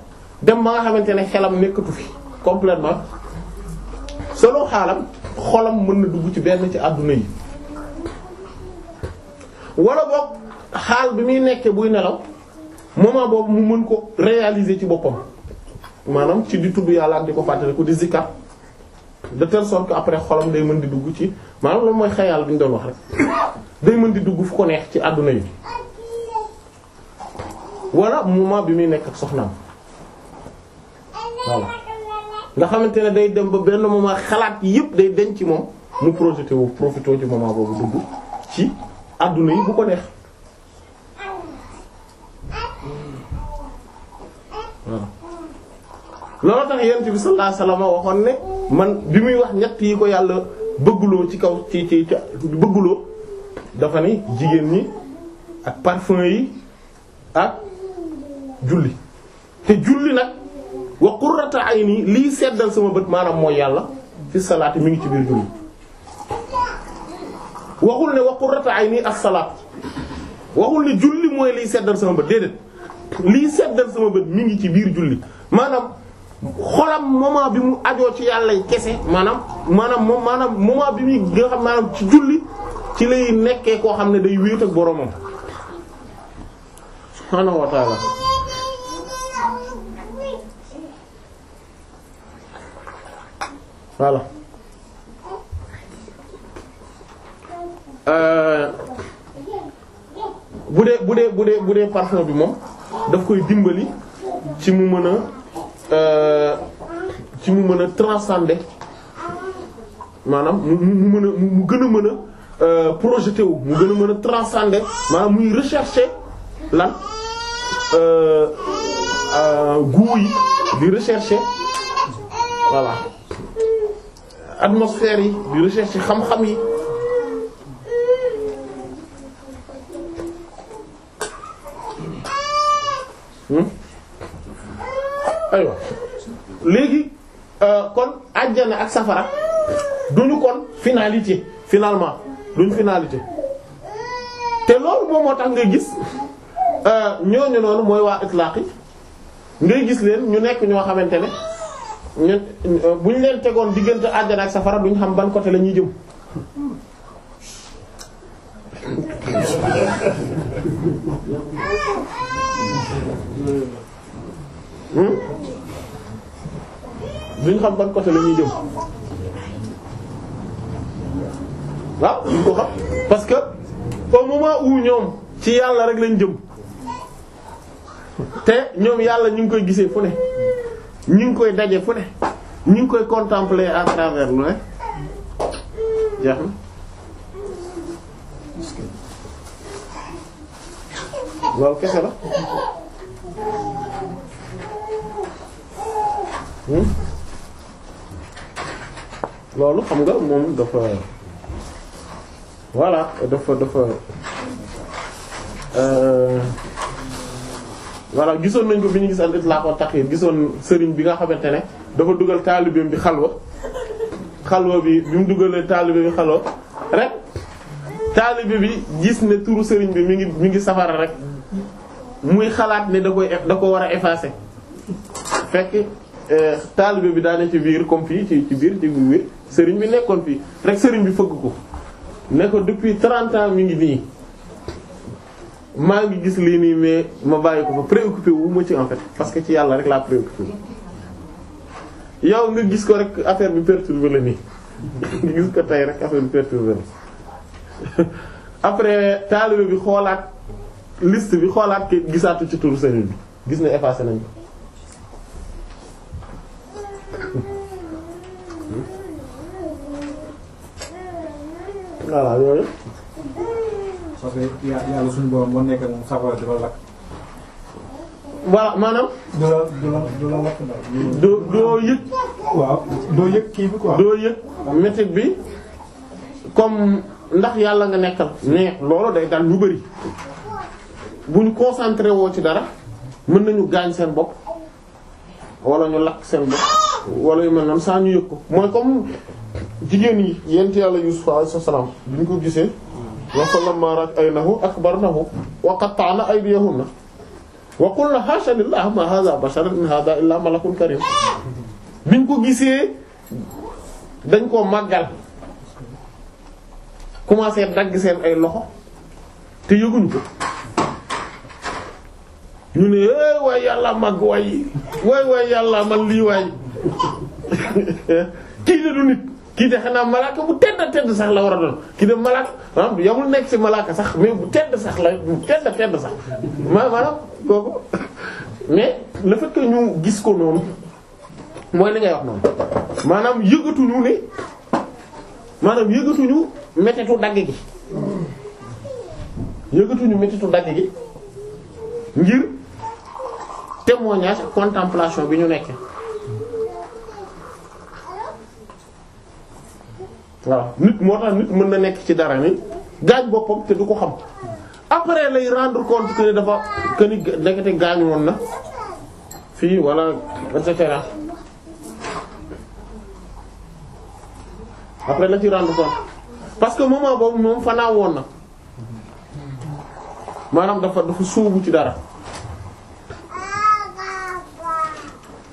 dem ba nga xamante ne xelam nekkatu fi complètement solo xaalam xolam mën na dugg ci benn ci àdduna yi wala boog xaal bi muy nekkee buy nelaw moment boobu mu mën ko réaliser ci boppam maanaam ci di tudd yàlla ak di ko fàttaliku di zikar de telle sorte que après xolam day mën di dugg ci maanaam loolu mooy xayaal bi ñu doon wax rek day mën di dugg fu ko neex ci àdduna yi wala moment bi muy nekk ak soxnaam voilà nga xamante ne day dem ba benn moment xalaat yépp day denc ci moom mu projeté wu profité ci moment boobu dugg ci àdduna yi bu ko neex waaw hmm. loolu tax yent bi sallallahu alayhi waxoon ne man bi muy wax ñett yi ko yàlla bëgguloo ci kaw ci ci bëgguloo dafa ni jigéen ñi ak parfum yi ak julli te julli nag wa qurrata ayni lii seddal sama bët maanaam mooy yàlla fi salaati mi ngi ci biir julli waxul ne wa qurratu ayni as-salaat waxul ne julli mooy liy seddal sama bët déedéet liy seddal sama bët mi ngi ci biir julli maanaam xolam moment bi mu ajoo ci yàlla kese maanaam maanaam moom maanaam moment bi muy nga xam maanaam ci julli ci lay nekkee koo xam ne day wéet ak boromam subhaanahu Euh, bu dee bu dee bu dee bu dee parfum bi moom daf koy dimbali ci mu mën a euh, ci mu mën a transcender maanaam mu mu mën a mu gën a mën a euh, projeté wu mu gën a mën a transcender maanaam muy rechercher lan goût yi di rechercher voilà atmosphère yi di rechercher xam-xam yi. Hmm? aywa léegi euh, kon àjjane ak safara duñu kon finalité finalement duñu finalité te loolu moom moo tax ngay gis euh, ñooñu noonu mooy waa itlaaqi ngay gis leen ñu nekk ñoo xamante ne ñu euh, bu ñu leen tegoon diggante àjjana ak safara duñ xam ban côté la ñuy jëm. Hmm? duñ xam ban côté la ñuy jëm waaw duñ ko xam parce que au moment où ñoom ci yàlla rek lañ jëm te ñoom yàlla ñu ngi koy gisee fu ne ñu ngi koy daje fu ne ñu ngi koy contempler à lu ne jeex na waaw kese la Hmm? loolu xam nga moom dafa voilà dafa dafa euh, voilà gisoon nañ ko bi ñu gis al itlaq wa taqyid gisoon sëriñ bi nga xamante ne dafa dugal taalibeem bi xalwa xalwa bi bi mu dugalee taalibe bi xalwa rek taalibe bi gis ne turu sëriñ bi mi ngi mi ngi safara rek muy xalaat ne da koy da ko war a effacer fekk euh, taalibe bi daane ci biir comme fii ci ci biir ci biir sëriñ bi nekkoon fii rek sëriñ bi fëgg ko ne ko depuis 30 ans mi ngi nii maa ngi gis lii nii mais ma bàyyi ko fa préoccupé wu ma ci en parce que ci yàlla rek laa préoccupé yow nga gis ko rek affaire bi perturbé la nii nga gis ko tey rek affaire bi perturbé la <laughs> après taalibe bi xoolaat. liste bi xoolaat ki gisaatu ci turu sëriñ bi gis ne effacé nañ ko voilà yooyu. parce que yàlla maanaam. doo doo yëg. doo yëg kii bi doo yëg métit bi comme ndax yàlla nga nekkal. mais loolu day dal lu bari. bu ñu concentré woo ci dara mën nañu gaañ seen bopp wala ñu lakk seen bopp wala yu mel noonu saa ñu yëg ko mooy comme jigéen yi yent yàlla Yuusuf alayhi salaam ñu ko gisee wa falammaa ra'aynahu akbarnahu wa qatta'na aydiyahunna wa qulna haasha lillaahi maa haazaa basharan ko gisee dañ koo màggal commencé dagg seen ay loxo te yëguñ ko ñu ne eh waay yàlla mag waay waay waay yàlla man lii waay <laughs> kii de du nit kii de xanaa malaaka bu tedd tedd sax la war a doon kii de malaaka maanaam yamul nekk malaaka sax bu tedd sax la bu tedd tedd <laughs> mais le fait ñu gis ko noonu mooy li ngay wax noonu maanaam yëgatuñu ne maanaam yëgatuñu mettitu dagg gi yëgatuñu mettitu dagg gi ngir. témoignage ak contemplation bi ñu nekkee waaw nit moo tax nit mën na nekk ci dara ni gaañ boppam te du ko xam après lay rendre compte que dafa que ni ndekete gaañ woon na fii wala et cetera après la ci rendre compte parce que moment boobu moom fanaa woon na maanaam dafa dafa sóobu ci dara.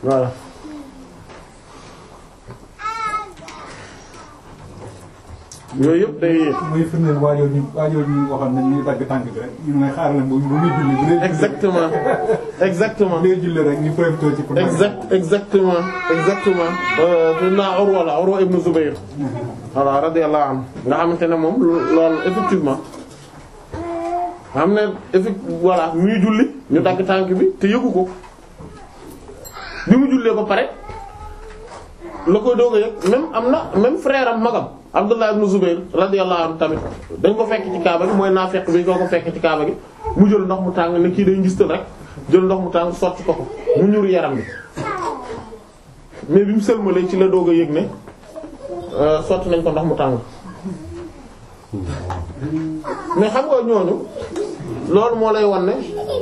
voilà yooyu yëpp day. muy firndeel waajoo nañ dagg tànk bi rek ñu may xaar leen bu muy julli rek ñu profité ci. pour exact exactement exactement. Euh, naa Urwa la Urwa ibn Zubayr. voilà radiyallahu anhu nga xamante ne moom loolu effectivement. xam ne julli ñu dagg tànk bi te yëgu ko. li mu jullee ba pare la koy doog a yëg même am na même frère am magam Abdullah ibn Zubayr radiyallahu anhu tamit dañ ko fekk ci kaaba gi mooy naafeq bi koo ko fekk ci kaaba gi mu jël ndox mu tàng ne kii day ngistal rek jël ndox mu tàng sotti ko ko mu ñur yaram bi mais bi mu sëlmalee ci la doog a yëg ne euh, sotti nañ ko ndox mu tàng mais xam nga ñooñu loolu moo lay wan ne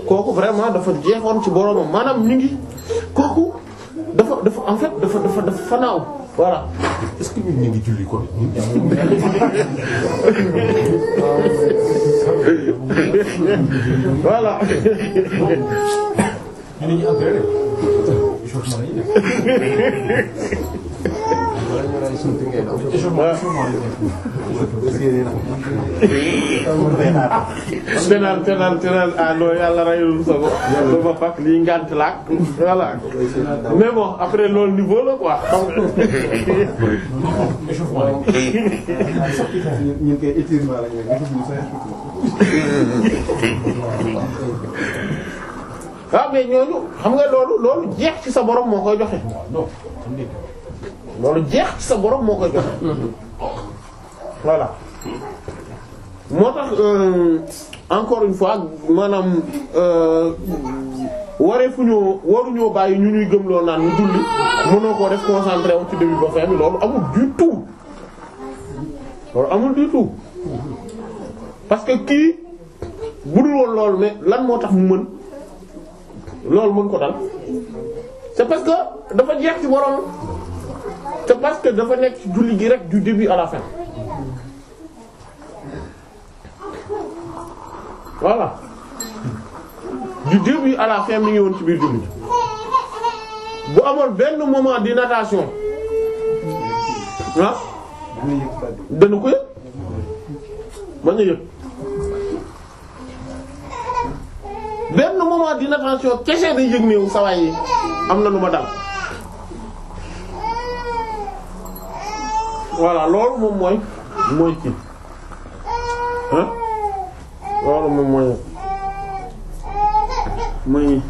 kooku vraiment dafa jeexoon ci boroomam maanaam ñu ngi kooku dafa dafa en fait dafa dafa dafa fanaaw voilà. ko. te naan te naan te naan ah yàlla rayul sa bopp ba fàq lii ngànt laak voilà mais après loolu niveau la quoi xam nga waaw mais xam nga loolu loolu jeex ci sa borom moo koy joxe loolu jeex sa borom moo koy jox voilà moo tax euh, encore une fois maanaam euh, waree fu ñoo waruñoo bàyyi ñu ñuy gëmloo naan ñu julli mënoo koo def concentré wu ci bi loolu amul du amul du tout parce que kii budul woon loolu mais lan moo tax mu mën loolu mën ko dal c'est parce que dafa jeex ci borom. te parce que dafa nekk ci julli gi rek du début à la fin voilà du début à la fin mi ngi woon ci biir julli bu amoon benn moment di natation ah dana ko yëg mën na yëg benn moment di natation kese day yëg néew sawaay yi am na lu ma dal voilà loolu moom mooy mooy kii ah mooy mooy mooy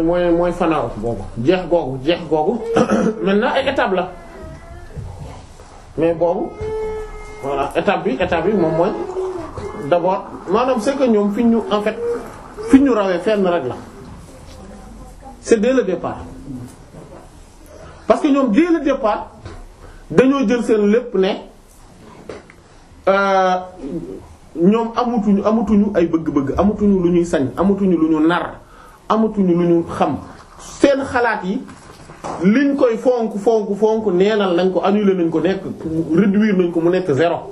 mooy mooy fanaaw boobu jeex googu jeex googu <coughs> maintenant ay étape la mais boobu voilà étape bi étape bi moom mooy d'abord maanaam c'est que ñoom fi ñu en fait fi ñu rawee fenn rek la c'est dès le départ. parce que ñoom dès le départ dañoo jël seen lépp ne euh, ñoom amatuñu amatuñu ay bëgg-bëgg amatuñu lu ñuy sañ amatuñu lu ñu nar amatuñu lu ñu xam seen xalaat yi liñ koy fonk fonk fonk neenal nañ ko annuler nañ ko nekk réduire nañ ko mu nekk zéro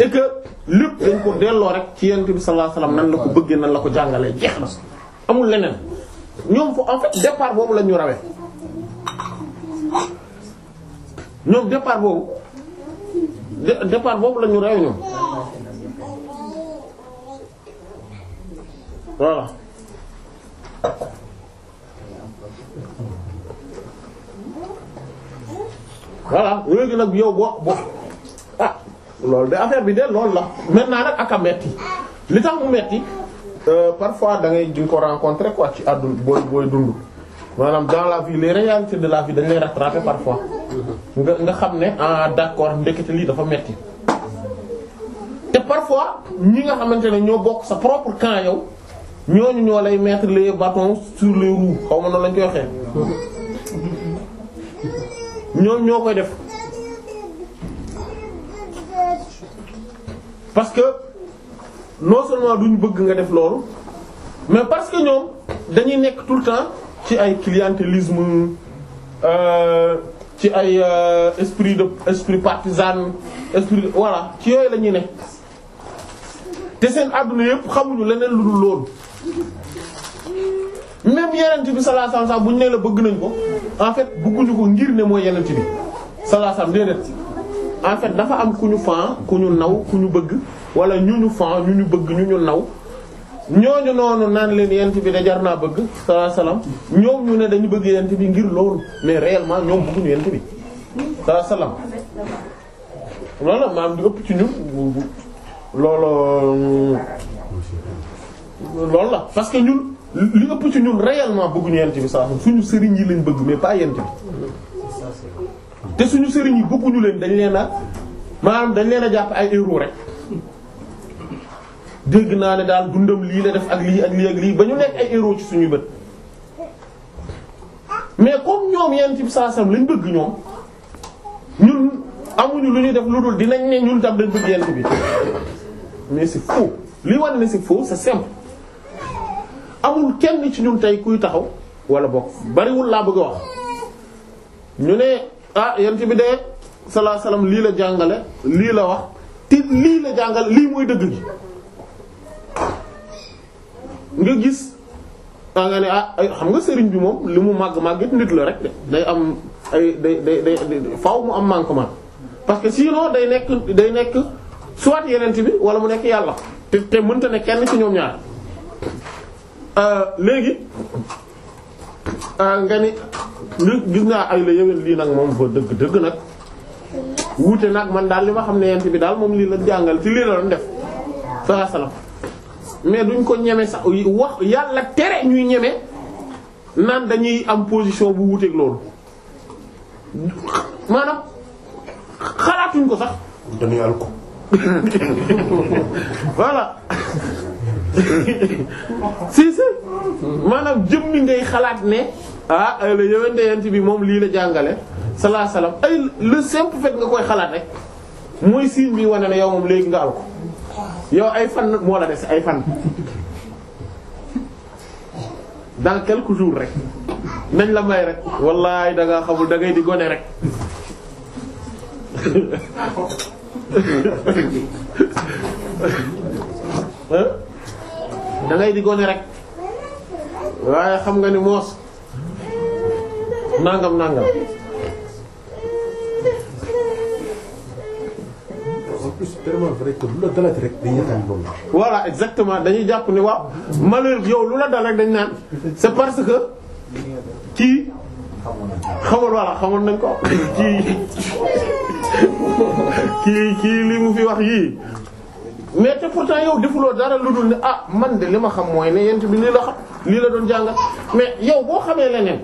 et que lépp dañ ko delloo rek ci yent bi sallallahu alayhi nañ la ko bëggee nañ la ko jàngalee jeex na amul leneen ñoom fo en fait boobu la ñu rawee ñoom départ boobu départ boobu la reew ñoom voilà voilà léegi nag yow ah, loolu de affaire bi de lool la maintenant nag ak a metti li tax mu metti euh, parfois da ngay di ko rencontrer quoi ci àdduna booy booy dund. maanaam dans la vie les réalités de la vie dañ lay rattraper parfois nga nga xam ne ah d'accord ndekete lii dafa metti te parfois ñi nga xamante ne ñoo bokk sa propre camp yow ñooñu ñoo lay mettre les bâtons sur les roues xaw ma noonu lañ koy waxee ñoom ñoo koy def parce que non seulement ñu bëgg nga def loolu mais parce que ñoom dañuy nekk tout le temps. ci ay clientélisme euh, ci ay euh, esprit de esprit partisan esprit voilà ci yooyu la ne te seen àdduna yëpp xamuñu leneen lu dul loolu même yenent bi sallallahu alayhi bu ñu nee la bëgg nañ ko en fait bëgguñu ko ngir ne mooy yenent bi sallallahu alayhi wasallam déedéet en fait dafa am ku ñu fan ku ñu naw ku ñu bëgg wala ñu ñu fan ñu ñu bëgg ñu ñu naw ñooñu noonu naan leen yent bi da jar naa bëgg sallallahu alayhi wasallam ñoom ñu ne dañu bëgg yent bi ngir loolu mais réellement ñoom bëgguñu yent bi sallallahu alayhi wasallam loolu maam di ëpp ci ñun loolu loolu la parce que ñun lu ëpp ci ñun réellement bëgguñu yent bi sa alayhi suñu sëriñ yi lañ bëgg mais pas yent bi te suñu sëriñ yi bëgguñu leen dañ leen a maanaam dañ leen a jàpp ay héros rek dégg naa ne daal dundam lii la def ak lii ak lii ak lii ba ñu nekk ay héros ci suñu bët mais comme ñoom yenn ci saasam lañ bëgg ñoom ñun amuñu lu ñuy def lu dul dinañ ne ñun tam lañ bëgg yenn bi mais c'est lii li wane ne c'est faux c'est simple amul kenn ci ñun tey kuy taxaw wala bokk bariwul laa bëgg a wax ñu ne ah yent bi de sallallahu alayhi lii la jàngale lii la wax te lii la jàngale lii mooy dëgg gi nga gis ah nga ne ah xam nga sëriñ bi moom li mu màgg màgg nit la rek day am ay day day day mu am manquement parce que sinon day nekk day nekk soit yenent bi wala mu nekk yàlla te te mënta ne kenn ci ñoom ñaar euh, léegi euh, nga ni gis naa ay la yewén lii nag moom fa dëgg dëgg nag wuute nag man daal li ma xam ne yenent bi daal moom lii la jàngal ci lii la doon def sallallahu alayhi mais duñ ko ñeme sax wax yàlla tere ñuy ñeme naan dañuy am position bu wuteeg loolu maanaam xalaatuñ ko sax. dañuy àll ko. <laughs> voilà si <laughs> si maanaam jëm ngay xalaat ne ah ay la yowante bi moom lii la jàngale salaa salaam ay le simple fait nga koy xalaat rek mooy signe bi wane ne yow moom léegi nga àll ko. yow ay fan moo la des ay fan dans quelques jours rek nañ la may rek wallaay da ngaa xamul dangay di gone rek <laughs> dangay di gone rek waaye xam nga ni moos nangam nangam. en plus tellement vrai que lu la dalati rek dañuy xam loolu. voilà exactement dañuy jàpp ne waaw malheur yow lu la dal rek dañ naan c'est parce que kii xamoon voilà xamoon nañ ko kii kii kii mu fi wax yii mais te pourtant yow defuloo dara lu dul ne ah man de li ma xam mooy ne yent bi lii la xam lii la doon jàngal mais yow boo xamee leneen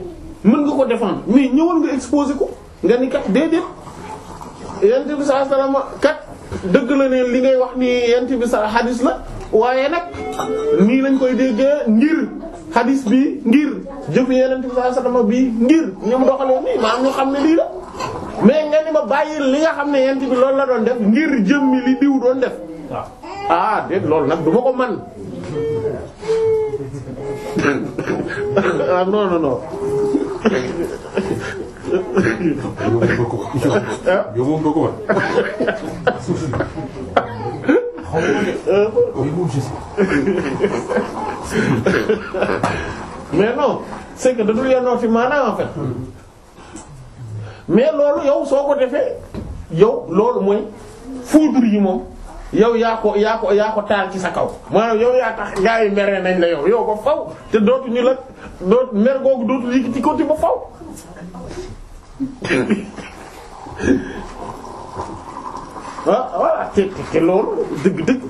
mën nga ko défendre mais ñëwal nga exposer ko nga ni kat déedéet yent bi saa salaama kat dëgg la ne li ngay wax ni yent bi sa xadis la waaye nag nii lañ koy déggee ngir xadis bi ngir jëf yenent bi sallallahu alayhi wasallam bi ngir ñoom doxalee nii maam ñu xam ne lii la mais nga ni ma bàyyi li nga xam ne yent bi loolu la doon def ngir jëmmi li diw doon def ah déet loolu nag duma ko man <laughs> ah non <laughs> yow bëgg ko ko yow moom bëgg mais non c'est que da dul yennoo fi maanaam en mais loolu yow soo ko defee yow loolu mooy foudre yi moom yow yaa ko yaa ko yaa ko taal ci sa kaw. maanaam yow yaa tax gars yi mere nañ la yow yow ba faw te dootuñu la dootu mer googu dootu yëkkati ko ci ba faw. ah voilà te te loolu dëgg-dëgg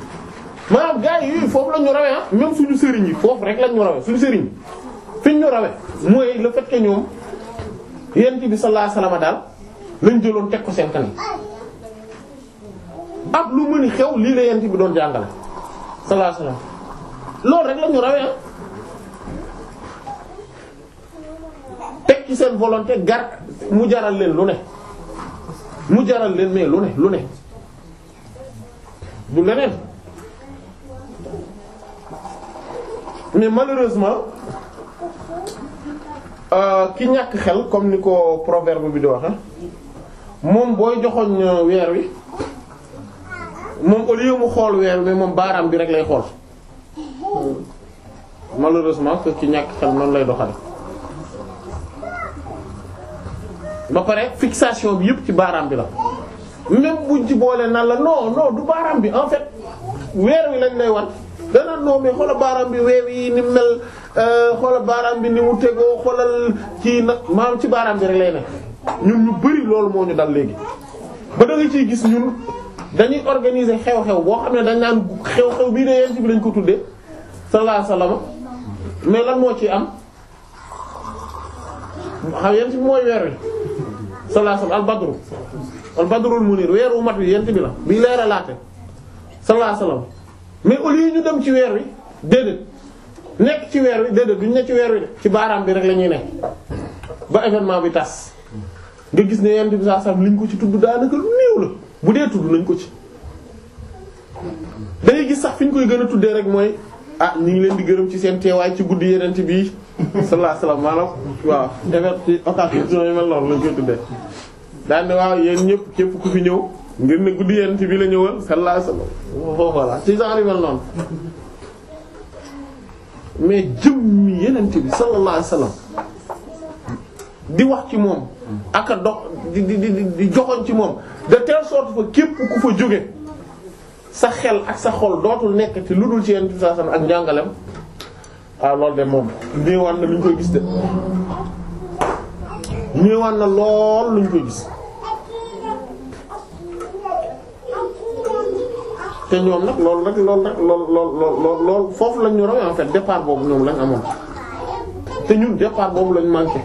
maanaam gars yi foofu la rawee ah même suñu sëriñ yi foofu rek la ñu rawee suñu sëriñ fi ñu rawee mooy le fait ñoom yent bi sallallahu alayhi wasallam daal lañ jëloon teg ko seen kanam ak lu mën xew lii la yent bi doon jàngale sallallahu alayhi wasallam rek la rawee ah teg ci seen volonté gar. mu jaral leen lu ne mu jaral leen mais lu ne lu ne du leneen mais malheureusement euh, ki ñàkk xel comme ni ko proverbe bi di waxe moom booy joxoñ euh, weer wi moom au lieu mu xool weer wi moom baaraam bi rek lay xool malheureusement que ki ñàkk xel noonu lay doxale ba pare fixation bi yëpp ci baaraam bi la même buñ ci boole nan la non non du baaraam bi en fait weer wi lañ lay wan dana non mais xoolal baaraam bi weer yi ni mel euh, xoolal baaraam bi ni mu tegoo xoolal ci nag maam ci baaraam bi rek lay nekk ñun ñu bari loolu moo ñu dal léegi. ba da ciy gis ñun dañuy organiser xew-xew boo xam ne dañ naan xew-xew bii de yéen bi lañ ko tuddee sallallahu alayhi wasallam lan moo ci am xam yéen ci mooy weer wi. sallallahu alayhi wasallam al badru al badrul munir weer wu mat wi yent bi la bi leeralaate sallallahu alayhi wasallam mais au lieu ñu dem ci weer wi déedéet nekk ci weer wi déedéet duñ ne ci weer wi de ci baaraam bi rek la ñuy nekk ba événement bi tas nga gis ne yent bi sallallahu alayhi wasallam liñ ko ci tudd daanaka lu néew la bu dee tudd nañ ko ci dangay gis sax fi ñu koy gën a tuddee rek mooy ah ñu ngi leen di gërëm ci seen teewaay ci guddi yenent bii sallallahu alayhi wasallam maanaam waaw éverti occasion yu mel noonu lañ koy tuddee daal ne waaw yéen ñëpp képp ku fi ñëw ngir ne guddi yent bi la ñëwal sallallahu alayhi wasallam voilà ci genre yu mel noonu mais jëmmi yenent bi sallallahu di wax ci moom ak dox di di di di joxoon ci moom de telle sorte que képp ku fa jóge sa xel ak sa xol dootul nekk ci lu dul ci yenent bi sallallahu alayhi wasallam ak njàngalem ah lool de moom néewaan na lu ñu koy gis de néewaan na lool lu ñu koy gis te ñoom nag loolu rek loolu rek lool lool lool lool foofu lañ ñu rawee en fait départ boobu ñoom lañ amoon te ñun départ boobu lañ manqué.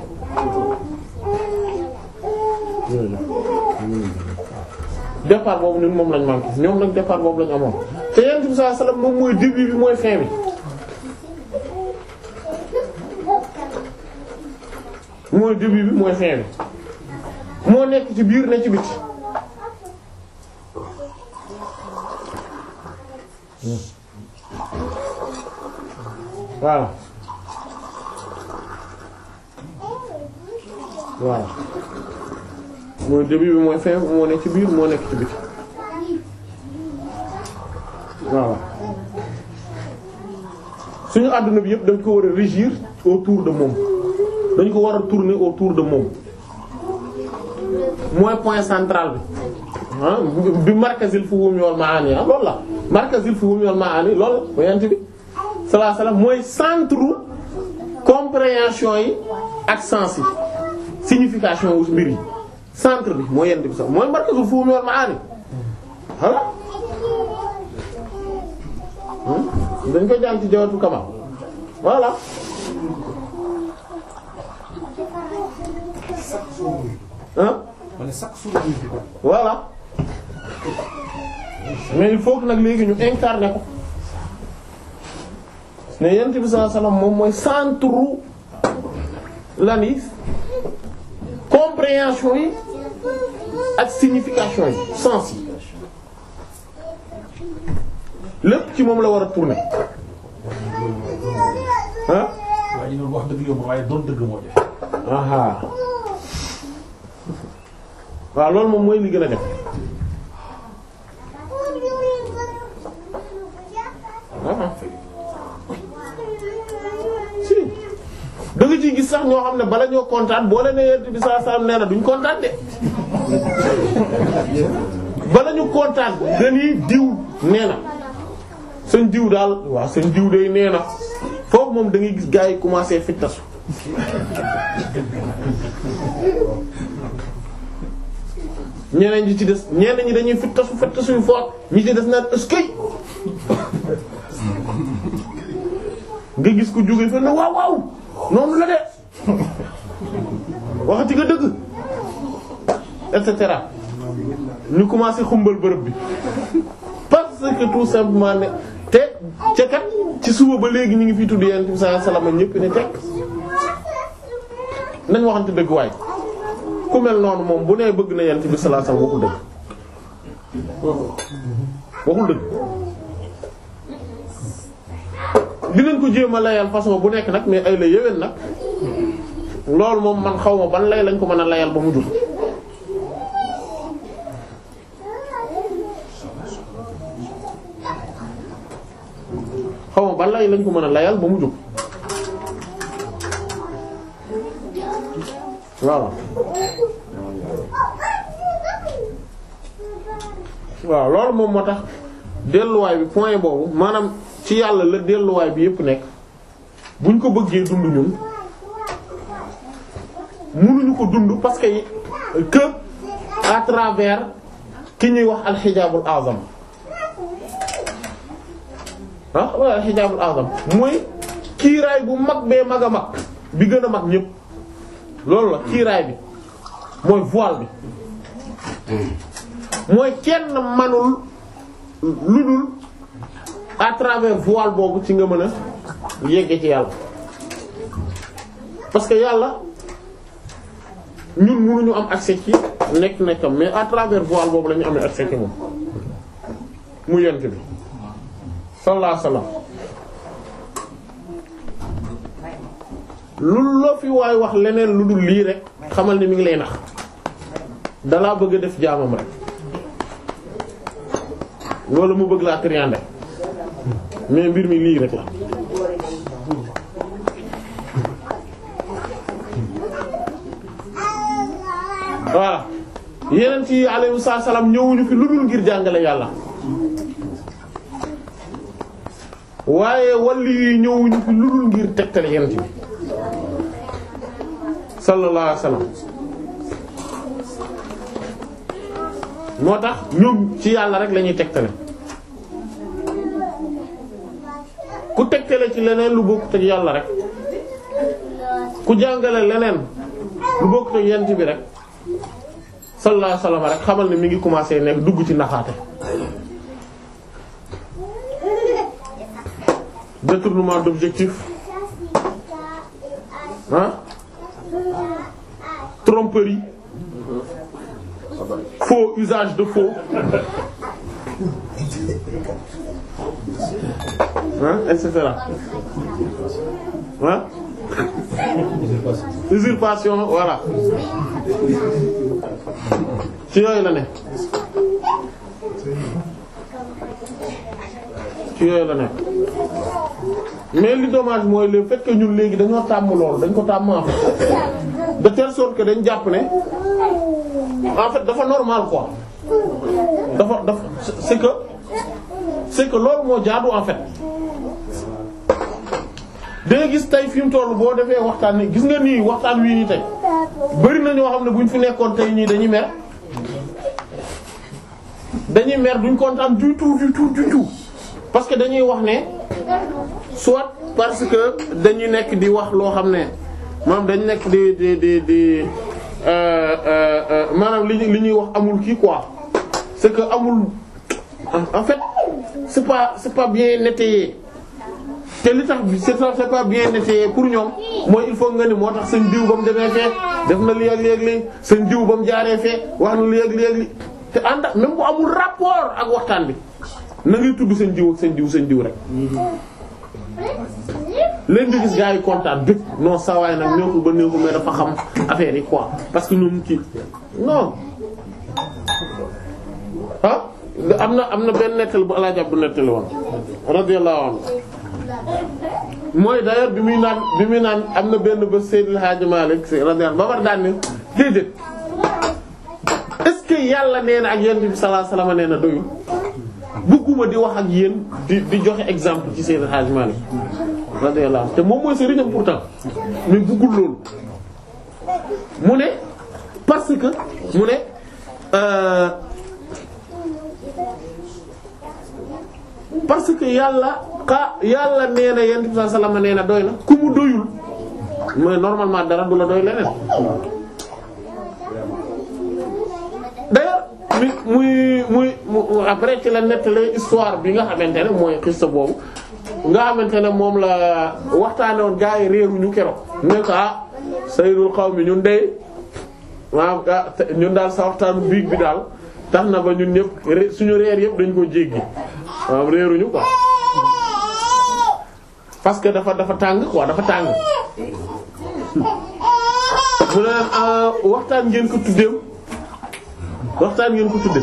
départ boobu ñun moom lañ manqué ñoom nag départ boobu lañ amoon te Yonent bi sallallahu alayhi moom mooy début bi mooy fin bi. mooy début bi mooy fin moo nekk ci biir ne ci biti waaw moo nekk ci biir moo nekk ci biti àdduna bi yëpp dañ ko war a régir autour de moom dañ ko war a tourner autour de moom mooy point central bi ah bi markazil fuhum wal maani ah loolu la markazil fuhum wal maani loolu la yent bi sallallahu alayhi mooy centre compréhension yi ak sens signification wu mbir centre bi mooy yent bi sax mooy markazil fuhum wal maani voilà hmm? dañ ko jàng ci jawatu kama voilà ah. voilà mais il faut nag léegi ñu incarné ko ne yent bi sallallahu alayhi moom mooy centre lan yi yi ak signification yi sens yi lépp ci moom la war a tourner ah. waaye ñu waaw loolu moom mooy li gën a def si da ciy gis sax ñoo xam ne bala ñoo kontaan boo leen ne yent bi saa saa nee na duñ kontaan de bala ñu kontaan dañuy diw nee na seen diw daal waaw seen diw day nee na foofu moom da gis gaa yi commencé fittasu ñeneen ñi ci des ñeneen ñi dañuy fitta su fitta suy foot ñi ci des naan ëskay nga gis ko jóge fa ne waaw waaw noonu la de waxati nga dëgg et cetera ñu commencé xumbal bërëb bi parce que tout simplement ne te ca kat ci suba ba léegi ñu ngi fi tudd yonent bi sallallahu alayhi wasallam ñëpp ne teg nañ waxante dëgg waay. ku mel noonu moom bu nee bëgg na yent bi sallallahu alayhi wasallam waxul dëgg waxul dëgg dinañ ko jéem a layal façon bu nekk nag mais ay la yéwén nag loolu moom man xaw ma ban lañ ko mën a ba mu jub ma ban lay lañ ko mën a layal ba mu jub waaw waaw loolu moom moo tax delluwaay bi point boobu maanaam ci yàlla la delluwaay bi yépp nekk buñ ko bëggee dund ñun mënuñu ko dund parce que que à travers ki ñuy wax alxijaabul azam ah wala alxijaabul azam mooy kiiraay bu mag bee mag a mag bi gën a mag ñépp loolu la kiiraay bi mooy voile bi mooy kenn manul lu dul à travers voile boobu ci nga mën a yegge ci yàlla parce que yàlla ñun ñu am accès ci nekk nekkam mais à travers voile boobu la ñu amee accès ci moom mu yent bi sallallahu alayhi lu la fi waay wax leneen lu dul lii rek xamal ne mi ngi lay nax dalaa bëgg a def jaamam rek loolu mu bëgg laa triander mais mbir mi lii rek la waaw yeneen ci alayhi salaam ñëwuñu fi lu dul ngir jàngale yàlla waaye wàllu yi ñëwuñu fi lu dul ngir tegtale yeneen ci sallallahu alayhi moo tax ñoom ci yàlla rek lañuy tegtale ku tegtale ci leneen lu bokkut ak yàlla rek ku jàngale leneen lu bokkut ak yent bi rek sallallahu alayhi wasallam rek xamal ne mi ngi commencé nekk dugg ci naxaate détournement d'objectif ah tromperie faux usage de faux ah et cetera ah usurpation voilà ci yooyu la ci yooyu la nekk mais li dommage mooy le fait que ñun léegi dañoo tàmm loolu dañ ko tàmm en fait de que dañ jàpp ne fait dafa normal quoi dafa dafa c'est que c'est loolu moo jaadu en fait danga gis tey fi mu toll boo defee waxtaan ni gis nga nii waxtaan wii nii tey bari na ñoo xam ne buñ fi nekkoon tey nii dañuy mer dañuy mer duñ kontaan du tout du tout du tout parce que dañuy wax ne soit parce que dañu nekk di wax loo xam ne maanaam dañ nekk di di di di euh, euh, euh, maanaam li li ñuy wax amul kii quoi c'est que amul en fait c'est pas c'est pas bien étayé te li tax c'est c'est pas bien étayé pour ñoom mooy il faut nga ni moo tax seen diw ba mu demee fee def na li ak li ak li seen diw ba mu jaaree fee wax na li ak li ak li te ànd même bu amul rapport ak waxtaan bi. na ngay tudd seen diw ak seen diw seen diw rek. leen di gis gars yi kontaan bépp non saa waay nag néew ba néew mais dafa xam affaire yi quoi parce que ñoom ci non ah, am na am na benn nettal bu alaaja bu nettali woon radiyallahu anhu mooy d'ailleurs bi muy naan bi muy naan am na benn ba Seydil Hadji Malick Sy ba war daan ne déedéet est yàlla nee na ak yonent bi sallallahu alayhi nee na doyul. bëgguma di wax ak yéen di di joxe exemple ci seen Hadj te moom mooy sëriñam pourtant mais bëggul loolu mu ne parce que mu ne euh, parce que yàlla xa yàlla nee na yonent bi sallallahu alayhi wasallam nee doy na ku mu doyul mais normalement dara du la doy leneen bi muy muy après ci la nettali histoire bi nga xamante ne mooy xista boobu nga xamante ne moom la waxtaane woon gaa yi réeruñu keroog ne ko ah sayyidul qawmi ñun dey maanaam ah, ñun daal sa waxtaanu biig bi daal tax na ba ñun ñëpp suñu reer yëpp dañ ko jéggi maanaam réeruñu quoi parce que dafa dafa tàng quoi dafa tàng ah, waxtaan ngeen ko tuddeem waxtaan ngeen ko tudde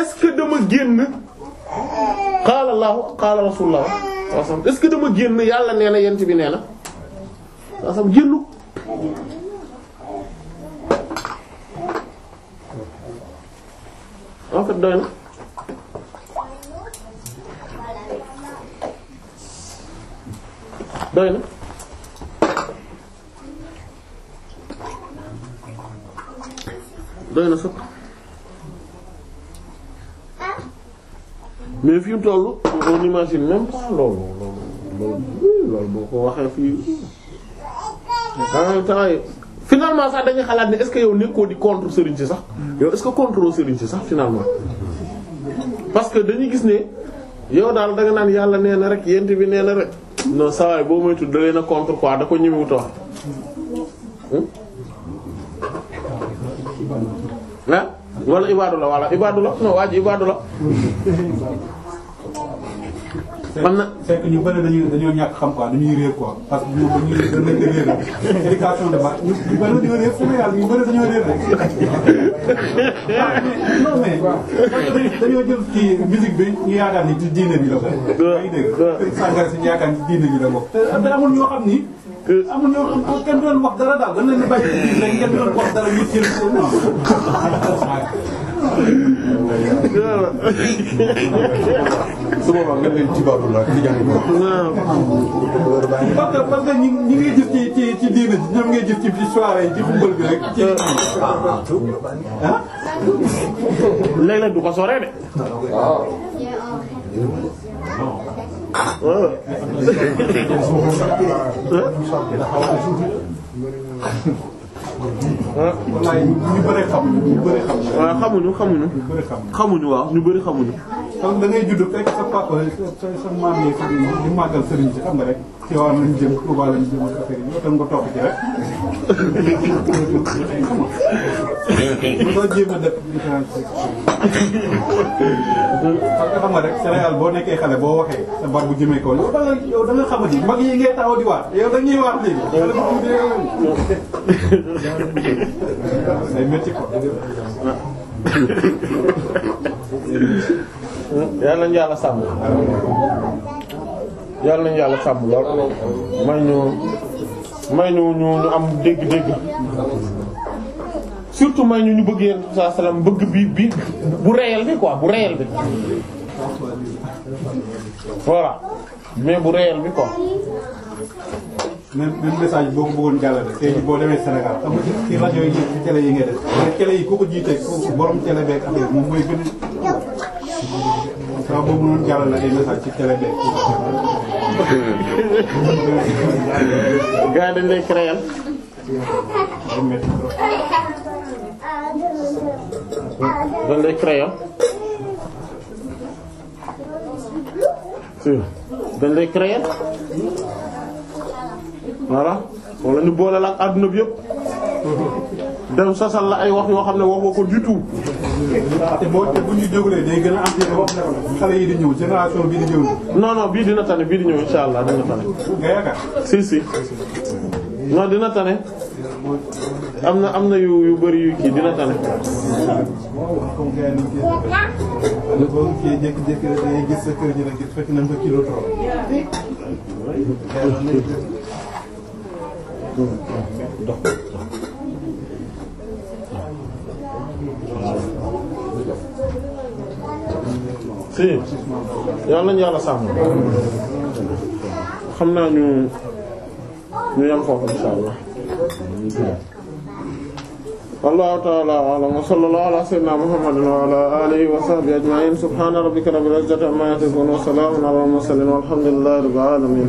est dama génn qaala qaala Rasulullah sallam dama génn yàlla nee na yent bi nee na sallam génnu en doy na doy na doy na sëkk mais fi mu toll on imagine même pas loolu loolu loolu boo ko waxee fii en même temps finalement sax dañuy xalaat ne est-ce que yow nekkoo di contre Serigne si sax yow est-ce que contre Serigne si sax finalement parce que dañuy gis ne yow daal da nga naan yàlla nee na rek yent bi nee rek non sawaay boo moytu da leen a contre quoi da ko ñëmewuta wax hmm? ah wala ibaadu la wala ibaadu la non waa ji ibaadu la. am na c'est que ñu bëri dañuy dañoo ñàkk xam quoi dañuy réer quoi parce que ñoom dañuy dañuy réer rek éducation de base ñu bëri dañoo réer sama yàlla ñu bëri dañoo réer rek. non mais dañoo jël kii musique bi ñu yaakaar ni ci diine bi la ko. dëgg la dëgg la sànqal si ñu yaakaar ni ci diine bi la ko. te amul ñoo xam ni. amul su boobaa nga leen ci baabu ci jàng ko. parce que ci ci ci diine ñoom ngay jëf rek ci. ah. léeg du ko sore de. Ah. waaw xamuñu xamuñu xamuñu waaw ñu bëri xamuñu kon da ngay judd fekk sa papa sa sa maam yi sëriñ di màggal sëriñ si xam nga rek ci waa lañ jëm Touba lañ jëm ak affaire yi tam nga topp ci rek. <laughs> soo jéem a def différence parce que xam nga rek Sénégal boo nekkee xale boo waxee sa bar bu jëmee kaw yow da nga yow da nga xamati mag yi ngay taxaw di waat yow da ñuy waat léegi. <laughs> day métti ko. yal nañu yàlla sàmm yal nañu yàlla sàmm lool may ñu may ñu ñu ñu am dégg-dégg surtout may ñu ñu bëgg yéen saa bëgg bi bu réel bi quoi bu réel bi voilà mais bu réel bi quoi. message boo ko bëggoon jàllale tey boo demee Sénégal ci rajo yi ci télé yi ngay ko jiite borom télé beeg affaire moom mooy gën sama boobu dañ lay créer. dañ lay créer. dañ lay créer. voilà wala ñu boole ak adduna bi yëpp. dem sasal la ay wax yoo xam ne waxoo ko du tout. te boo te bu ñu jógalee day gën a am yi di ñëw génération bii non non bii dina tane bii di ñëw insha allah dina tane. nga yaakaar am na am na yu yu bari yu kii dina tane. si yàlla nañu yàlla sàmm xam naa ñu ñu yam foofu insha allah wallahu ta'ala a'lam wa sallallahu ala sayyidina muhammadin wa ala alihi wa sahbihi ajma'in subhana rabbika rabbil izzati amma yasifun alamin